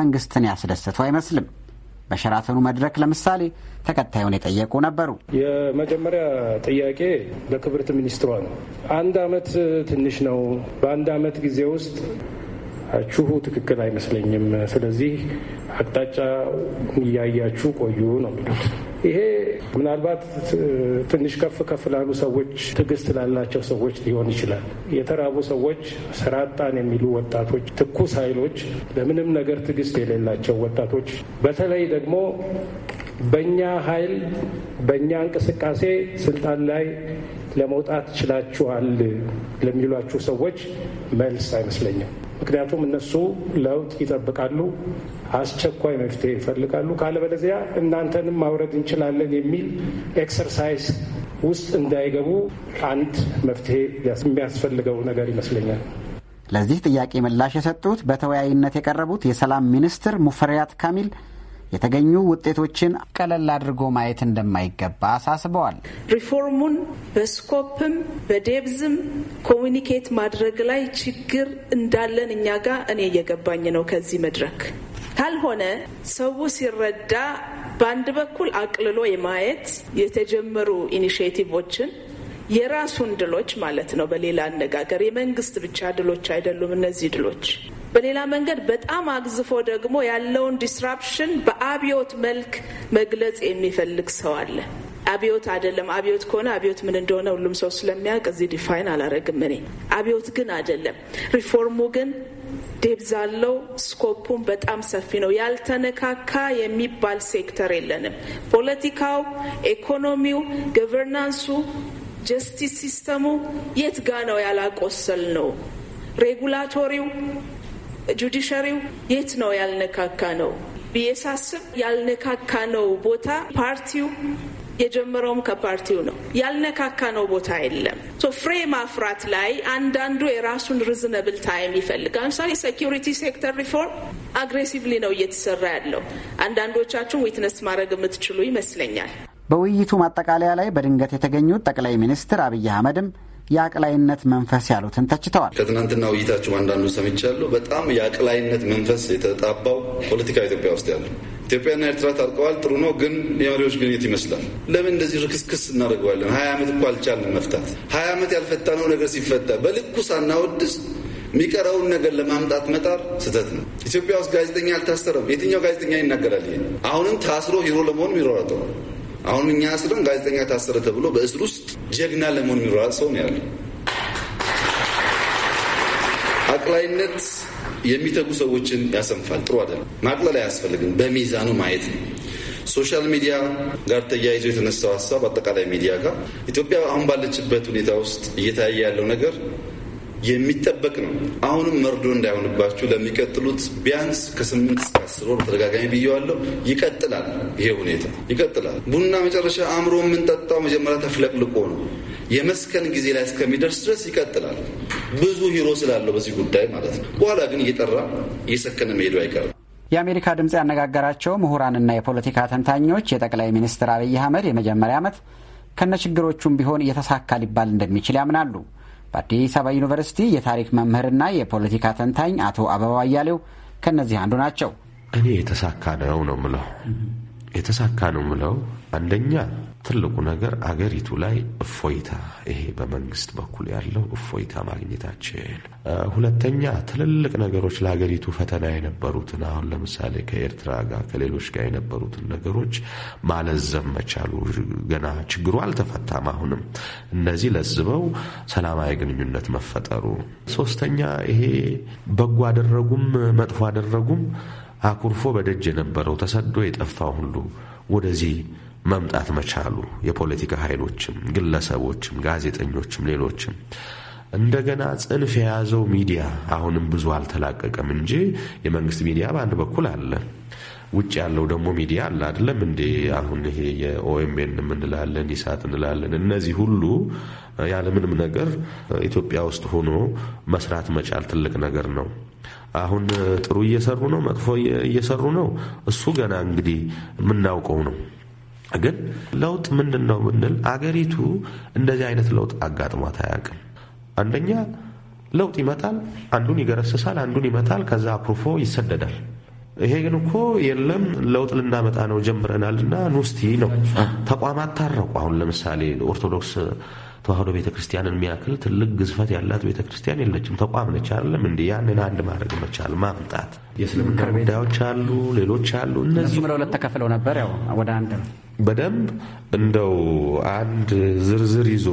መንግስትን ያስደሰቱ አይመስልም። በሸራተኑ መድረክ ለምሳሌ ተከታዩን የጠየቁ ነበሩ። የመጀመሪያ ጥያቄ ለክብርት ሚኒስትሯ ነው። አንድ አመት ትንሽ ነው። በአንድ አመት ጊዜ ውስጥ ችሁ ትክክል አይመስለኝም። ስለዚህ አቅጣጫ እያያችሁ ቆዩ ነው የሚሉት። ይሄ ምናልባት ትንሽ ከፍ ከፍ ላሉ ሰዎች ትዕግስት ላላቸው ሰዎች ሊሆን ይችላል። የተራቡ ሰዎች፣ ስራ አጣን የሚሉ ወጣቶች፣ ትኩስ ኃይሎች፣ ለምንም ነገር ትዕግስት የሌላቸው ወጣቶች በተለይ ደግሞ በእኛ ኃይል በእኛ እንቅስቃሴ ስልጣን ላይ ለመውጣት ችላችኋል ለሚሏችሁ ሰዎች መልስ አይመስለኝም። ምክንያቱም እነሱ ለውጥ ይጠብቃሉ፣ አስቸኳይ መፍትሄ ይፈልጋሉ። ካለበለዚያ እናንተንም ማውረድ እንችላለን የሚል ኤክሰርሳይዝ ውስጥ እንዳይገቡ አንድ መፍትሄ የሚያስፈልገው ነገር ይመስለኛል። ለዚህ ጥያቄ ምላሽ የሰጡት በተወያይነት የቀረቡት የሰላም ሚኒስትር ሙፈሪያት ካሚል የተገኙ ውጤቶችን ቀለል አድርጎ ማየት እንደማይገባ አሳስበዋል። ሪፎርሙን በስኮፕም በዴብዝም ኮሚኒኬት ማድረግ ላይ ችግር እንዳለን እኛ ጋር እኔ እየገባኝ ነው ከዚህ መድረክ ካልሆነ ሰው ሲረዳ በአንድ በኩል አቅልሎ የማየት የተጀመሩ ኢኒሽቲቮችን የራሱን ድሎች ማለት ነው። በሌላ አነጋገር የመንግስት ብቻ ድሎች አይደሉም እነዚህ ድሎች በሌላ መንገድ በጣም አግዝፎ ደግሞ ያለውን ዲስራፕሽን በአብዮት መልክ መግለጽ የሚፈልግ ሰው አለ። አብዮት አይደለም። አብዮት ከሆነ አብዮት ምን እንደሆነ ሁሉም ሰው ስለሚያውቅ እዚህ ዲፋይን አላረግም እኔ። አብዮት ግን አይደለም። ሪፎርሙ ግን ዴብዝ አለው። ስኮፑን በጣም ሰፊ ነው። ያልተነካካ የሚባል ሴክተር የለንም። ፖለቲካው፣ ኢኮኖሚው፣ ገቨርናንሱ፣ ጀስቲስ ሲስተሙ የት ጋ ነው ያላቆሰል ነው ሬጉላቶሪው ጁዲሻሪው የት ነው ያልነካካ ነው ብዬ ሳስብ ያልነካካ ነው ቦታ ፓርቲው የጀመረውም ከፓርቲው ነው። ያልነካካ ነው ቦታ የለም። ፍሬ ማፍራት ላይ አንዳንዱ የራሱን ሪዝነብል ታይም ይፈልጋል። ለምሳሌ ሴኪሪቲ ሴክተር ሪፎርም አግሬሲቭሊ ነው እየተሰራ ያለው። አንዳንዶቻችሁን ዊትነስ ማድረግ የምትችሉ ይመስለኛል። በውይይቱ ማጠቃለያ ላይ በድንገት የተገኙት ጠቅላይ ሚኒስትር አብይ አህመድም የአቅላይነት መንፈስ ያሉትን ተችተዋል። ከትናንትና ውይይታችሁ አንዳንዱ ሰምቻለሁ። በጣም የአቅላይነት መንፈስ የተጣባው ፖለቲካ ኢትዮጵያ ውስጥ ያለ ኢትዮጵያና ኤርትራ ታርቀዋል። ጥሩ ነው፣ ግን የመሪዎች ግንኙነት ይመስላል። ለምን እንደዚህ ርክስክስ እናደርገዋለን? ሀያ ዓመት እኮ አልቻልን መፍታት። ሀያ ዓመት ያልፈታነው ነገር ሲፈታ በልኩ ሳናወድስ የሚቀረውን ነገር ለማምጣት መጣር ስህተት ነው። ኢትዮጵያ ውስጥ ጋዜጠኛ አልታሰረም። የትኛው ጋዜጠኛ ይናገራል? ይሄ አሁንም ታስሮ ሂሮ ለመሆን የሚሯሯጠው አሁን እኛ አስረን ጋዜጠኛ ታሰረ ተብሎ በእስር ውስጥ ጀግና ለመሆን የሚሯሯጥ ሰው ነው ያለ። አቅላይነት የሚተጉ ሰዎችን ያሰንፋል። ጥሩ አይደለም። ማቅለል አያስፈልግም። በሚዛኑ ማየት ነው። ሶሻል ሚዲያ ጋር ተያይዞ የተነሳው ሀሳብ አጠቃላይ ሚዲያ ጋር ኢትዮጵያ አሁን ባለችበት ሁኔታ ውስጥ እየታየ ያለው ነገር የሚጠበቅ ነው። አሁንም መርዶ እንዳይሆንባችሁ ለሚቀጥሉት ቢያንስ ከስምንት እስከ አስር ወር በተደጋጋሚ ብየዋለሁ። ይቀጥላል፣ ይሄ ሁኔታ ይቀጥላል። ቡና መጨረሻ አእምሮ የምንጠጣው መጀመሪያ ተፍለቅልቆ ነው። የመስከን ጊዜ ላይ እስከሚደርስ ድረስ ይቀጥላል። ብዙ ሂሮ ስላለው በዚህ ጉዳይ ማለት ነው። በኋላ ግን እየጠራ እየሰከነ መሄዱ አይቀርም። የአሜሪካ ድምፅ ያነጋገራቸው ምሁራንና የፖለቲካ ተንታኞች የጠቅላይ ሚኒስትር አብይ አህመድ የመጀመሪያ ዓመት ከነ ችግሮቹም ቢሆን እየተሳካ ሊባል እንደሚችል ያምናሉ። በአዲስ አበባ ዩኒቨርሲቲ የታሪክ መምህርና የፖለቲካ ተንታኝ አቶ አበባ አያሌው ከእነዚህ አንዱ ናቸው። እኔ የተሳካ ነው ነው ምለው የተሳካ ነው ምለው አንደኛ ትልቁ ነገር አገሪቱ ላይ እፎይታ፣ ይሄ በመንግስት በኩል ያለው እፎይታ ማግኘታችን። ሁለተኛ ትልልቅ ነገሮች ለሀገሪቱ ፈተና የነበሩትን አሁን ለምሳሌ ከኤርትራ ጋር ከሌሎች ጋር የነበሩትን ነገሮች ማለዘብ መቻሉ፣ ገና ችግሩ አልተፈታም። አሁንም እነዚህ ለዝበው ሰላማዊ ግንኙነት መፈጠሩ። ሶስተኛ ይሄ በጎ አደረጉም መጥፎ አደረጉም አኩርፎ በደጅ የነበረው ተሰዶ የጠፋ ሁሉ ወደዚህ መምጣት መቻሉ የፖለቲካ ኃይሎችም፣ ግለሰቦችም፣ ጋዜጠኞችም ሌሎችም እንደገና ጽንፍ የያዘው ሚዲያ አሁንም ብዙ አልተላቀቀም እንጂ የመንግስት ሚዲያ በአንድ በኩል አለ። ውጭ ያለው ደግሞ ሚዲያ አለ አይደለም እንዴ? አሁን ይሄ የኦኤምኤን እንላለን ይሳት እንላለን። እነዚህ ሁሉ ያለምንም ነገር ኢትዮጵያ ውስጥ ሆኖ መስራት መቻል ትልቅ ነገር ነው። አሁን ጥሩ እየሰሩ ነው፣ መጥፎ እየሰሩ ነው። እሱ ገና እንግዲህ የምናውቀው ነው። ግን ለውጥ ምንድን ነው ብንል አገሪቱ እንደዚህ አይነት ለውጥ አጋጥሟት አያውቅም። አንደኛ ለውጥ ይመጣል፣ አንዱን ይገረስሳል፣ አንዱን ይመታል፣ ከዛ አኩርፎ ይሰደዳል። ይሄ ግን እኮ የለም ለውጥ ልናመጣ ነው ጀምረናል እና ኑስቲ ነው ተቋማት ታረቁ። አሁን ለምሳሌ ኦርቶዶክስ ተዋህዶ ቤተክርስቲያንን የሚያክል ትልቅ ግዝፈት ያላት ቤተክርስቲያን የለችም። ተቋም ነች አይደለም እንዲ ያንን አንድ ማድረግ መቻል ማምጣት የእስልምና ጉዳዮች አሉ፣ ሌሎች አሉ። እነዚህ ለሁለት ተከፍለው ነበር ያው ወደ አንድ በደንብ እንደው አንድ ዝርዝር ይዞ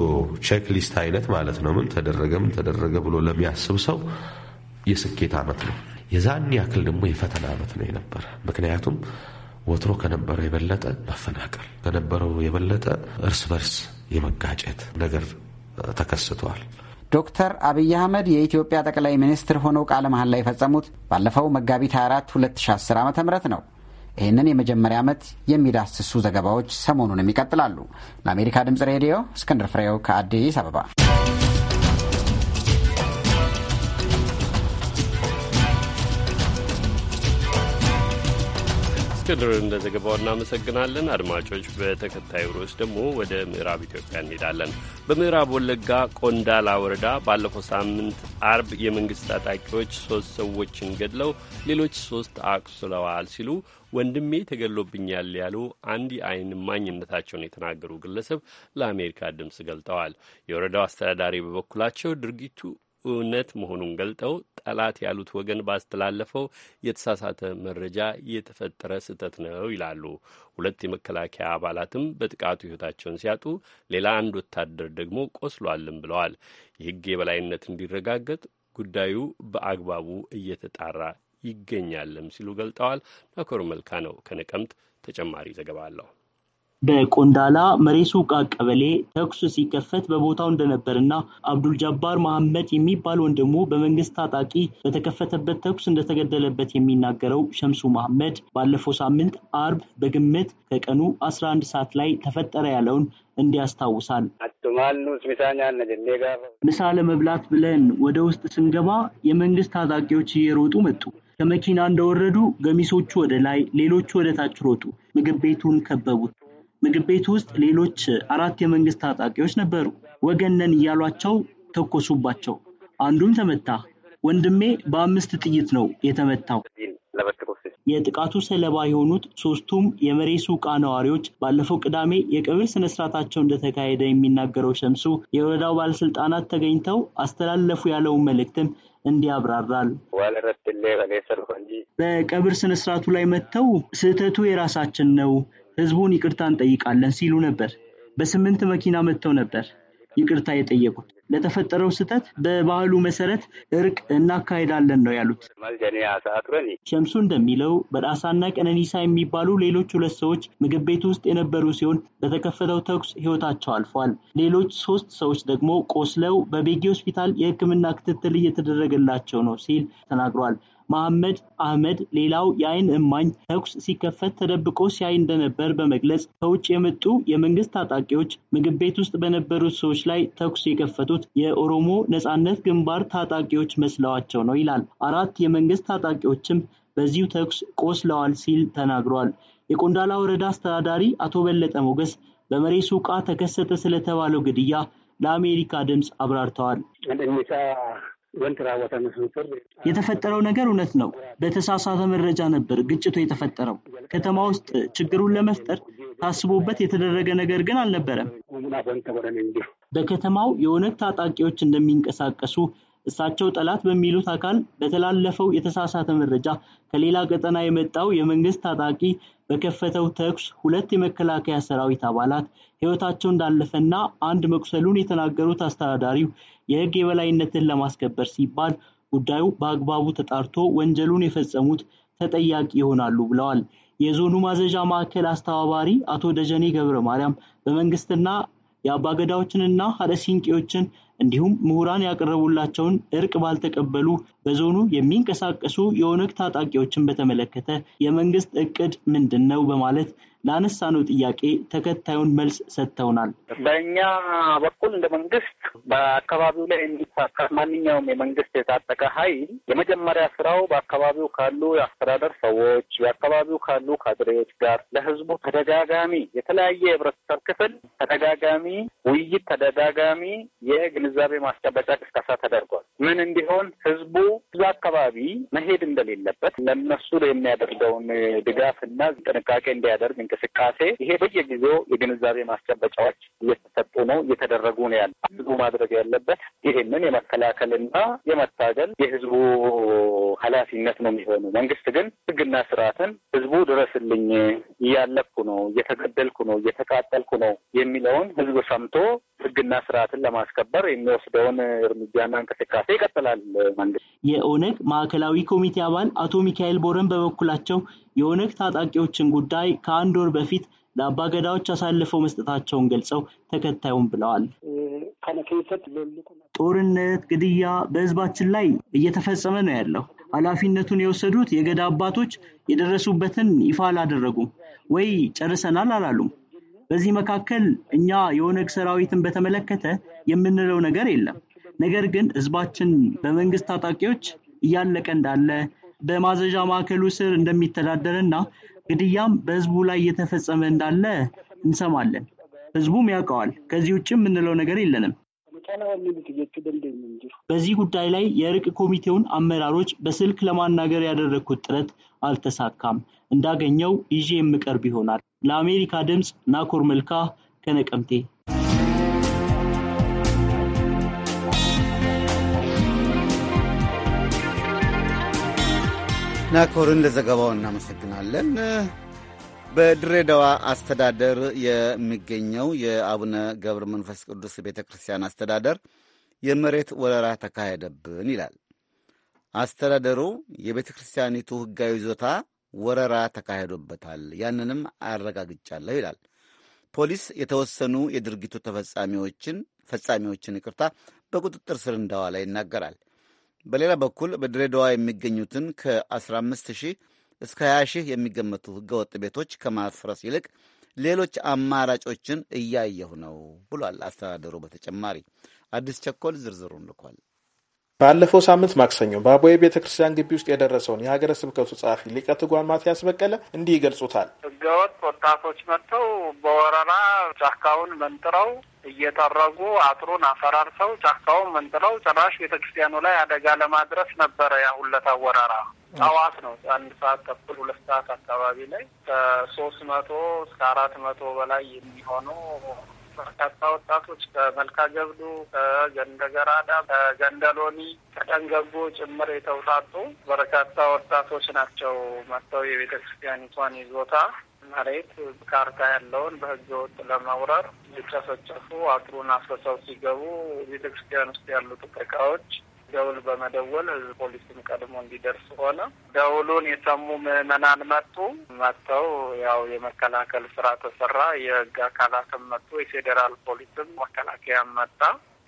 ቼክሊስት አይነት ማለት ነው። ምን ተደረገ ምን ተደረገ ብሎ ለሚያስብ ሰው የስኬት ዓመት ነው። የዛን ያክል ደግሞ የፈተና አመት ነው የነበረ ምክንያቱም ወትሮ ከነበረው የበለጠ መፈናቀል ከነበረው የበለጠ እርስ በርስ የመጋጨት ነገር ተከስቷል። ዶክተር አብይ አህመድ የኢትዮጵያ ጠቅላይ ሚኒስትር ሆነው ቃለ መሐላ የፈጸሙት ባለፈው መጋቢት 24 2010 ዓ ም ነው። ይህንን የመጀመሪያ ዓመት የሚዳስሱ ዘገባዎች ሰሞኑንም ይቀጥላሉ። ለአሜሪካ ድምፅ ሬዲዮ እስክንድር ፍሬው ከአዲስ አበባ እስክንድርን እንደዘገባው እናመሰግናለን። አድማጮች፣ በተከታዩ ርዕስ ደግሞ ወደ ምዕራብ ኢትዮጵያ እንሄዳለን። በምዕራብ ወለጋ ቆንዳላ ወረዳ ባለፈው ሳምንት አርብ የመንግስት ታጣቂዎች ሶስት ሰዎችን ገድለው ሌሎች ሶስት አቁስለዋል ሲሉ ወንድሜ ተገሎብኛል ያሉ አንድ የዓይን ማኝነታቸውን የተናገሩ ግለሰብ ለአሜሪካ ድምፅ ገልጠዋል። የወረዳው አስተዳዳሪ በበኩላቸው ድርጊቱ እውነት መሆኑን ገልጠው ጠላት ያሉት ወገን ባስተላለፈው የተሳሳተ መረጃ የተፈጠረ ስህተት ነው ይላሉ። ሁለት የመከላከያ አባላትም በጥቃቱ ሕይወታቸውን ሲያጡ፣ ሌላ አንድ ወታደር ደግሞ ቆስሏልም ብለዋል። የሕግ የበላይነት እንዲረጋገጥ ጉዳዩ በአግባቡ እየተጣራ ይገኛልም ሲሉ ገልጠዋል። ናኮር መልካ ነው ከነቀምት ተጨማሪ ዘገባ አለው። በቆንዳላ መሬሱ ቃ ቀበሌ ተኩስ ሲከፈት በቦታው እንደነበርና አብዱልጃባር መሐመድ የሚባል ወንድሙ በመንግስት ታጣቂ በተከፈተበት ተኩስ እንደተገደለበት የሚናገረው ሸምሱ መሐመድ ባለፈው ሳምንት አርብ በግምት ከቀኑ 11 ሰዓት ላይ ተፈጠረ ያለውን እንዲያስታውሳል። ምሳ ለመብላት ብለን ወደ ውስጥ ስንገባ የመንግስት ታጣቂዎች እየሮጡ መጡ። ከመኪና እንደወረዱ ገሚሶቹ ወደ ላይ፣ ሌሎቹ ወደ ታች ሮጡ። ምግብ ቤቱን ከበቡት። ምግብ ቤት ውስጥ ሌሎች አራት የመንግስት ታጣቂዎች ነበሩ። ወገነን እያሏቸው ተኮሱባቸው። አንዱም ተመታ። ወንድሜ በአምስት ጥይት ነው የተመታው። የጥቃቱ ሰለባ የሆኑት ሶስቱም የመሬት ሱቃ ነዋሪዎች ባለፈው ቅዳሜ የቅብር ስነስርዓታቸው እንደተካሄደ የሚናገረው ሸምሱ የወረዳው ባለስልጣናት ተገኝተው አስተላለፉ ያለውን መልእክትም እንዲያብራራል። በቀብር ስነስርዓቱ ላይ መጥተው ስህተቱ የራሳችን ነው፣ ህዝቡን ይቅርታ እንጠይቃለን ሲሉ ነበር። በስምንት መኪና መጥተው ነበር ይቅርታ የጠየቁት። ለተፈጠረው ስህተት በባህሉ መሰረት እርቅ እናካሄዳለን ነው ያሉት። ሸምሱ እንደሚለው በዳሳና ቀነኒሳ የሚባሉ ሌሎች ሁለት ሰዎች ምግብ ቤት ውስጥ የነበሩ ሲሆን በተከፈተው ተኩስ ህይወታቸው አልፏል። ሌሎች ሶስት ሰዎች ደግሞ ቆስለው በቤጊ ሆስፒታል የህክምና ክትትል እየተደረገላቸው ነው ሲል ተናግሯል። መሐመድ አህመድ ሌላው የአይን እማኝ ተኩስ ሲከፈት ተደብቆ ሲያይ እንደነበር በመግለጽ ከውጭ የመጡ የመንግስት ታጣቂዎች ምግብ ቤት ውስጥ በነበሩት ሰዎች ላይ ተኩስ የከፈቱት የኦሮሞ ነጻነት ግንባር ታጣቂዎች መስለዋቸው ነው ይላል። አራት የመንግስት ታጣቂዎችም በዚሁ ተኩስ ቆስለዋል ሲል ተናግሯል። የቆንዳላ ወረዳ አስተዳዳሪ አቶ በለጠ ሞገስ በመሬ ሱቃ ተከሰተ ስለተባለው ግድያ ለአሜሪካ ድምፅ አብራርተዋል። የተፈጠረው ነገር እውነት ነው። በተሳሳተ መረጃ ነበር ግጭቱ የተፈጠረው። ከተማ ውስጥ ችግሩን ለመፍጠር ታስቦበት የተደረገ ነገር ግን አልነበረም። በከተማው የእውነት ታጣቂዎች እንደሚንቀሳቀሱ እሳቸው ጠላት በሚሉት አካል በተላለፈው የተሳሳተ መረጃ ከሌላ ቀጠና የመጣው የመንግስት ታጣቂ በከፈተው ተኩስ ሁለት የመከላከያ ሰራዊት አባላት ሕይወታቸው እንዳለፈና አንድ መቁሰሉን የተናገሩት አስተዳዳሪው የህግ የበላይነትን ለማስከበር ሲባል ጉዳዩ በአግባቡ ተጣርቶ ወንጀሉን የፈጸሙት ተጠያቂ ይሆናሉ ብለዋል። የዞኑ ማዘዣ ማዕከል አስተባባሪ አቶ ደጀኔ ገብረ ማርያም በመንግስትና የአባገዳዎችንና ሀደሲንቄዎችን እንዲሁም ምሁራን ያቀረቡላቸውን እርቅ ባልተቀበሉ በዞኑ የሚንቀሳቀሱ የኦነግ ታጣቂዎችን በተመለከተ የመንግስት እቅድ ምንድን ነው በማለት ለአነሳነው ጥያቄ ተከታዩን መልስ ሰጥተውናል። በእኛ በኩል እንደ መንግስት በአካባቢው ላይ የሚሳካት ማንኛውም የመንግስት የታጠቀ ኃይል የመጀመሪያ ስራው በአካባቢው ካሉ የአስተዳደር ሰዎች፣ በአካባቢው ካሉ ካድሬዎች ጋር ለህዝቡ ተደጋጋሚ የተለያየ የህብረተሰብ ክፍል ተደጋጋሚ ውይይት፣ ተደጋጋሚ የግንዛቤ ማስጨበጫ ቅስቀሳ ተደርጓል። ምን እንዲሆን ህዝቡ እዛ አካባቢ መሄድ እንደሌለበት ለነሱ የሚያደርገውን ድጋፍና ጥንቃቄ እንዲያደርግ እንቅስቃሴ ይሄ በየጊዜው የግንዛቤ ማስጨበጫዎች እየተሰጡ ነው፣ እየተደረጉ ነው ያለ ብዙ ማድረግ ያለበት ይህንን የመከላከልና የመታገል የህዝቡ ኃላፊነት ነው የሚሆኑ መንግስት ግን ህግና ስርዓትን ህዝቡ ድረስልኝ እያለኩ ነው፣ እየተገደልኩ ነው፣ እየተቃጠልኩ ነው የሚለውን ህዝብ ሰምቶ ህግና ስርዓትን ለማስከበር የሚወስደውን እርምጃና እንቅስቃሴ ይቀጥላል መንግስት። የኦነግ ማዕከላዊ ኮሚቴ አባል አቶ ሚካኤል ቦረን በበኩላቸው የኦነግ ታጣቂዎችን ጉዳይ ከአንድ ወር በፊት ለአባ ገዳዎች አሳልፈው መስጠታቸውን ገልጸው ተከታዩም ብለዋል። ጦርነት፣ ግድያ በህዝባችን ላይ እየተፈጸመ ነው ያለው። ኃላፊነቱን የወሰዱት የገዳ አባቶች የደረሱበትን ይፋ አላደረጉም ወይ ጨርሰናል አላሉም። በዚህ መካከል እኛ የኦነግ ሰራዊትን በተመለከተ የምንለው ነገር የለም። ነገር ግን ህዝባችን በመንግስት ታጣቂዎች እያለቀ እንዳለ በማዘዣ ማዕከሉ ስር እንደሚተዳደርና ግድያም በህዝቡ ላይ እየተፈጸመ እንዳለ እንሰማለን። ህዝቡም ያውቀዋል። ከዚህ ውጭ የምንለው ነገር የለንም። በዚህ ጉዳይ ላይ የእርቅ ኮሚቴውን አመራሮች በስልክ ለማናገር ያደረግኩት ጥረት አልተሳካም። እንዳገኘው ይዤ የምቀርብ ይሆናል። ለአሜሪካ ድምፅ ናኮር መልካ ከነቀምቴ ናኮርን ለዘገባው እናመሰግናለን። በድሬዳዋ አስተዳደር የሚገኘው የአቡነ ገብረ መንፈስ ቅዱስ ቤተ ክርስቲያን አስተዳደር የመሬት ወረራ ተካሄደብን ይላል። አስተዳደሩ የቤተ ክርስቲያኒቱ ሕጋዊ ይዞታ ወረራ ተካሂዶበታል፣ ያንንም አረጋግጫለሁ ይላል። ፖሊስ የተወሰኑ የድርጊቱ ተፈጻሚዎችን ፈጻሚዎችን ይቅርታ በቁጥጥር ስር እንዳዋለ ይናገራል። በሌላ በኩል በድሬዳዋ የሚገኙትን ከ15 ሺህ እስከ 20 ሺህ የሚገመቱ ህገወጥ ቤቶች ከማፍረስ ይልቅ ሌሎች አማራጮችን እያየሁ ነው ብሏል አስተዳደሩ። በተጨማሪ አዲስ ቸኮል ዝርዝሩን ልኳል። ባለፈው ሳምንት ማክሰኞ በአቦዬ ቤተ ክርስቲያን ግቢ ውስጥ የደረሰውን የሀገረ ስብከቱ ጸሐፊ ሊቀ ትጓን ማትያስ በቀለ እንዲህ ይገልጹታል። ህገወጥ ወጣቶች መጥተው በወረራ ጫካውን መንጥረው እየጠረጉ አጥሩን አፈራርሰው ጫካውን መንጥረው ጭራሽ ቤተ ክርስቲያኑ ላይ አደጋ ለማድረስ ነበረ። ያ ወረራ ጠዋት ነው። አንድ ሰዓት ተኩል ሁለት ሰዓት አካባቢ ላይ ከሶስት መቶ እስከ አራት መቶ በላይ የሚሆኑ በርካታ ወጣቶች ከመልካ ገብዱ፣ ከገንደገራዳ፣ ከገንደሎኒ፣ ከደንገጎ ጭምር የተውጣጡ በርካታ ወጣቶች ናቸው መጥተው የቤተ ክርስቲያኒቷን ይዞታ መሬት ካርታ ያለውን በህገ ወጥ ለመውረር ሊጨፈጨፉ አጥሩን አፍርሰው ሲገቡ ቤተ ክርስቲያን ውስጥ ያሉት ዕቃዎች ደውል በመደወል ፖሊስም ቀድሞ እንዲደርስ ሆነ። ደውሉን የሰሙ ምዕመናን መጡ። መጥተው ያው የመከላከል ስራ ተሰራ። የህግ አካላትም መጡ። የፌዴራል ፖሊስም መከላከያም መጣ።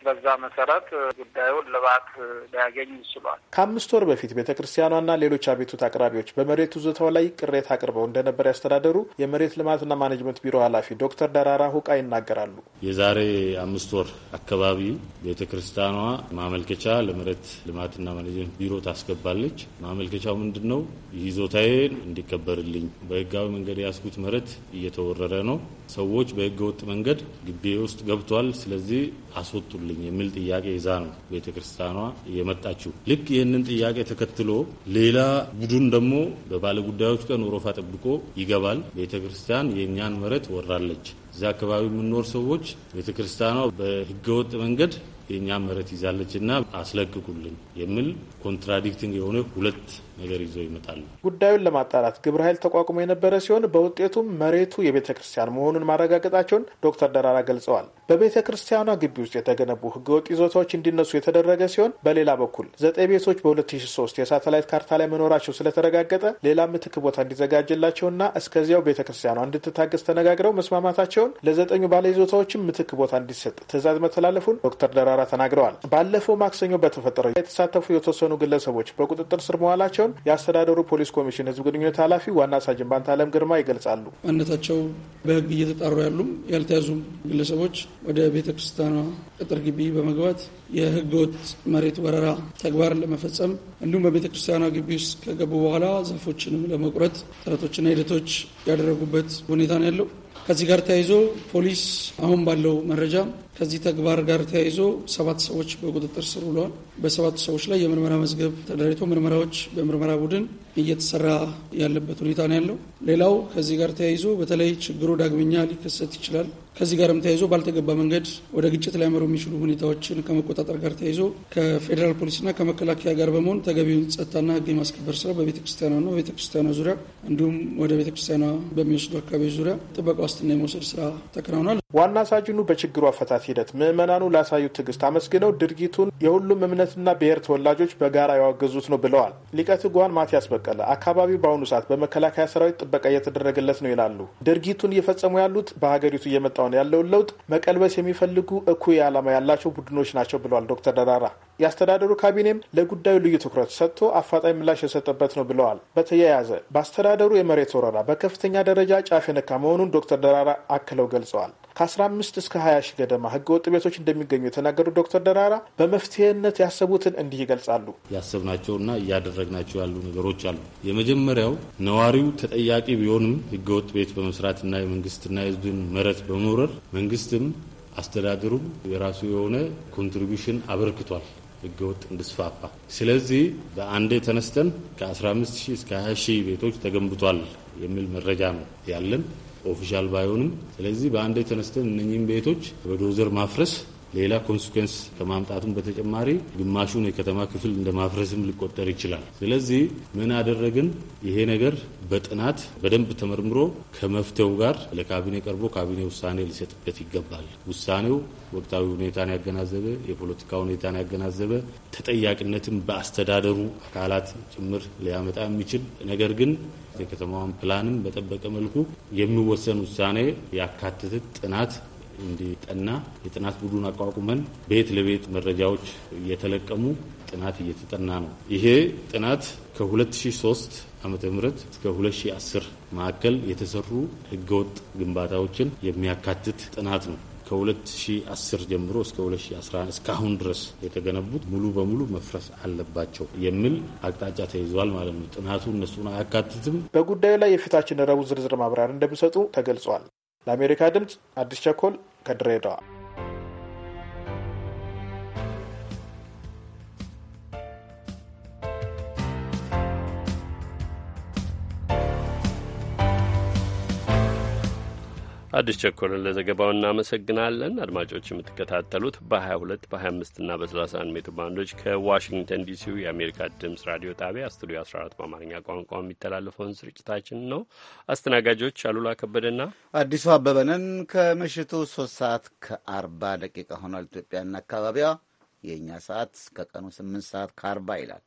በዛ መሰረት ጉዳዩን ልባት ሊያገኝ ይችሏል። ከአምስት ወር በፊት ቤተ ክርስቲያኗና ሌሎች አቤቱት አቅራቢዎች በመሬት ይዞታው ላይ ቅሬታ አቅርበው እንደነበር ያስተዳደሩ የመሬት ልማትና ማኔጅመንት ቢሮ ኃላፊ ዶክተር ደራራ ሁቃ ይናገራሉ። የዛሬ አምስት ወር አካባቢ ቤተ ክርስቲያኗ ማመልከቻ ለመሬት ልማትና ማኔጅመንት ቢሮ ታስገባለች። ማመልከቻው ምንድን ነው? ይዞታዬን እንዲከበርልኝ በህጋዊ መንገድ የያዝኩት መሬት እየተወረረ ነው። ሰዎች በህገ ወጥ መንገድ ግቢ ውስጥ ገብቷል። ስለዚህ አስወጡልኝ አለብኝ የሚል ጥያቄ ይዛ ነው ቤተ ክርስቲያኗ የመጣችው። ልክ ይህንን ጥያቄ ተከትሎ ሌላ ቡድን ደግሞ በባለ ጉዳዮች ቀን ወረፋ ጠብቆ ይገባል። ቤተ ክርስቲያን የእኛን መሬት ወራለች፣ እዚያ አካባቢ የምንኖር ሰዎች ቤተ ክርስቲያኗ በህገወጥ መንገድ የእኛ መሬት ይዛለች እና አስለቅቁልን የሚል ኮንትራዲክቲንግ የሆነ ሁለት ነገር ይዘው ይመጣሉ። ጉዳዩን ለማጣራት ግብረ ኃይል ተቋቁሞ የነበረ ሲሆን በውጤቱም መሬቱ የቤተ ክርስቲያን መሆኑን ማረጋገጣቸውን ዶክተር ደራራ ገልጸዋል። በቤተ ክርስቲያኗ ግቢ ውስጥ የተገነቡ ህገወጥ ይዞታዎች እንዲነሱ የተደረገ ሲሆን በሌላ በኩል ዘጠኝ ቤቶች በ2003 የሳተላይት ካርታ ላይ መኖራቸው ስለተረጋገጠ ሌላ ምትክ ቦታ እንዲዘጋጅላቸውና እስከዚያው ቤተ ክርስቲያኗ እንድትታገዝ ተነጋግረው መስማማታቸውን ለዘጠኙ ባለ ይዞታዎችም ምትክ ቦታ እንዲሰጥ ትዕዛዝ መተላለፉን ዶክተር ደራራ ተናግረዋል። ባለፈው ማክሰኞ በተፈጠረው የተሳተፉ የተወሰኑ ግለሰቦች በቁጥጥር ስር መዋላቸው መሆናቸውን የአስተዳደሩ ፖሊስ ኮሚሽን ህዝብ ግንኙነት ኃላፊ ዋና ሳጅን አለም ግርማ ይገልጻሉ። ማንነታቸው በህግ እየተጣሩ ያሉም ያልተያዙም ግለሰቦች ወደ ቤተ ክርስቲያኗ ቅጥር ግቢ በመግባት የህገወጥ መሬት ወረራ ተግባር ለመፈጸም እንዲሁም በቤተ ክርስቲያኗ ግቢ ውስጥ ከገቡ በኋላ ዛፎችንም ለመቁረጥ ጥረቶችና ሂደቶች ያደረጉበት ሁኔታ ነው ያለው። ከዚህ ጋር ተያይዞ ፖሊስ አሁን ባለው መረጃ ከዚህ ተግባር ጋር ተያይዞ ሰባት ሰዎች በቁጥጥር ስር ውለዋል። በሰባቱ ሰዎች ላይ የምርመራ መዝገብ ተደራጅቶ ምርመራዎች በምርመራ ቡድን እየተሰራ ያለበት ሁኔታ ነው ያለው። ሌላው ከዚህ ጋር ተያይዞ በተለይ ችግሩ ዳግመኛ ሊከሰት ይችላል። ከዚህ ጋርም ተያይዞ ባልተገባ መንገድ ወደ ግጭት ሊያመሩ የሚችሉ ሁኔታዎችን ከመቆጣጠር ጋር ተያይዞ ከፌዴራል ፖሊስና ከመከላከያ ጋር በመሆን ተገቢውን ጸጥታና ሕግ የማስከበር ስራ በቤተ ክርስቲያኗና ቤተ ክርስቲያኗ ዙሪያ እንዲሁም ወደ ቤተ ክርስቲያኗ በሚወስዱ አካባቢዎች ዙሪያ ጥበቃ ዋስትና የመውሰድ ስራ ተከናውኗል። ዋና ሳጅኑ በችግሩ አፈታት ሂደት ምዕመናኑ ላሳዩት ትዕግስት አመስግነው ድርጊቱን የሁሉም እምነትና ብሔር ተወላጆች በጋራ ያወገዙት ነው ብለዋል። ሊቀ ትጉሃን ማቲያስ በቀለ አካባቢው በአሁኑ ሰዓት በመከላከያ ሰራዊት ጥበቃ እየተደረገለት ነው ይላሉ። ድርጊቱን እየፈጸሙ ያሉት በሀገሪቱ እየመጣ ያለውን ለውጥ መቀልበስ የሚፈልጉ እኩይ ዓላማ ያላቸው ቡድኖች ናቸው ብለዋል ዶክተር ደራራ የአስተዳደሩ ካቢኔም ለጉዳዩ ልዩ ትኩረት ሰጥቶ አፋጣኝ ምላሽ የሰጠበት ነው ብለዋል። በተያያዘ በአስተዳደሩ የመሬት ወረራ በከፍተኛ ደረጃ ጫፍ የነካ መሆኑን ዶክተር ደራራ አክለው ገልጸዋል። ከ15 እስከ 20 ሺ ገደማ ወጥ ቤቶች እንደሚገኙ የተናገሩት ዶክተር ደራራ በመፍትሄነት ያሰቡትን እንዲህ ይገልጻሉ። ያሰብናቸውና እያደረግናቸው ያሉ ነገሮች አሉ። የመጀመሪያው ነዋሪው ተጠያቂ ቢሆንም ህገወጥ ቤት በመስራትና የመንግስትና የህዝብን መሬት በመውረር መንግስትም አስተዳደሩም የራሱ የሆነ ኮንትሪቢሽን አበርክቷል። ህገወጥ እንዲስፋፋ። ስለዚህ በአንዴ ተነስተን ከ15 እስከ 20 ቤቶች ተገንብቷል የሚል መረጃ ነው ያለን ኦፊሻል ባይሆንም። ስለዚህ በአንዴ ተነስተን እነኚህም ቤቶች በዶዘር ማፍረስ ሌላ ኮንስኩዌንስ ከማምጣቱም በተጨማሪ ግማሹን የከተማ ክፍል እንደ ማፍረስም ሊቆጠር ይችላል። ስለዚህ ምን አደረግን? ይሄ ነገር በጥናት በደንብ ተመርምሮ ከመፍትሄው ጋር ለካቢኔ ቀርቦ ካቢኔ ውሳኔ ሊሰጥበት ይገባል። ውሳኔው ወቅታዊ ሁኔታን ያገናዘበ፣ የፖለቲካ ሁኔታን ያገናዘበ፣ ተጠያቂነትን በአስተዳደሩ አካላት ጭምር ሊያመጣ የሚችል ነገር ግን የከተማዋን ፕላንም በጠበቀ መልኩ የሚወሰን ውሳኔ ያካትትት ጥናት እንዲጠና የጥናት ቡድን አቋቁመን ቤት ለቤት መረጃዎች እየተለቀሙ ጥናት እየተጠና ነው። ይሄ ጥናት ከ2003 ዓመተ ምህረት እስከ 2010 መካከል የተሰሩ ህገወጥ ግንባታዎችን የሚያካትት ጥናት ነው። ከ2010 ጀምሮ እስከ 2011 እስካሁን ድረስ የተገነቡት ሙሉ በሙሉ መፍረስ አለባቸው የሚል አቅጣጫ ተይዟል ማለት ነው። ጥናቱ እነሱን አያካትትም። በጉዳዩ ላይ የፊታችን ረቡዕ ዝርዝር ማብራሪያ እንደሚሰጡ ተገልጿል። ለአሜሪካ ድምፅ አዲስ ቸኮል ከድሬዳዋ አዲስ ቸኮልን ለዘገባው እናመሰግናለን። አድማጮች የምትከታተሉት በ22 በ25 እና በ31 ሜትር ባንዶች ከዋሽንግተን ዲሲው የአሜሪካ ድምፅ ራዲዮ ጣቢያ ስቱዲዮ 14 በአማርኛ ቋንቋ የሚተላለፈውን ስርጭታችን ነው። አስተናጋጆች አሉላ ከበደና አዲሱ አበበንን ከምሽቱ 3 ሰዓት ከ40 ደቂቃ ሆኗል። ኢትዮጵያና አካባቢዋ የእኛ ሰዓት ከቀኑ 8 ሰዓት ከ40 ይላል።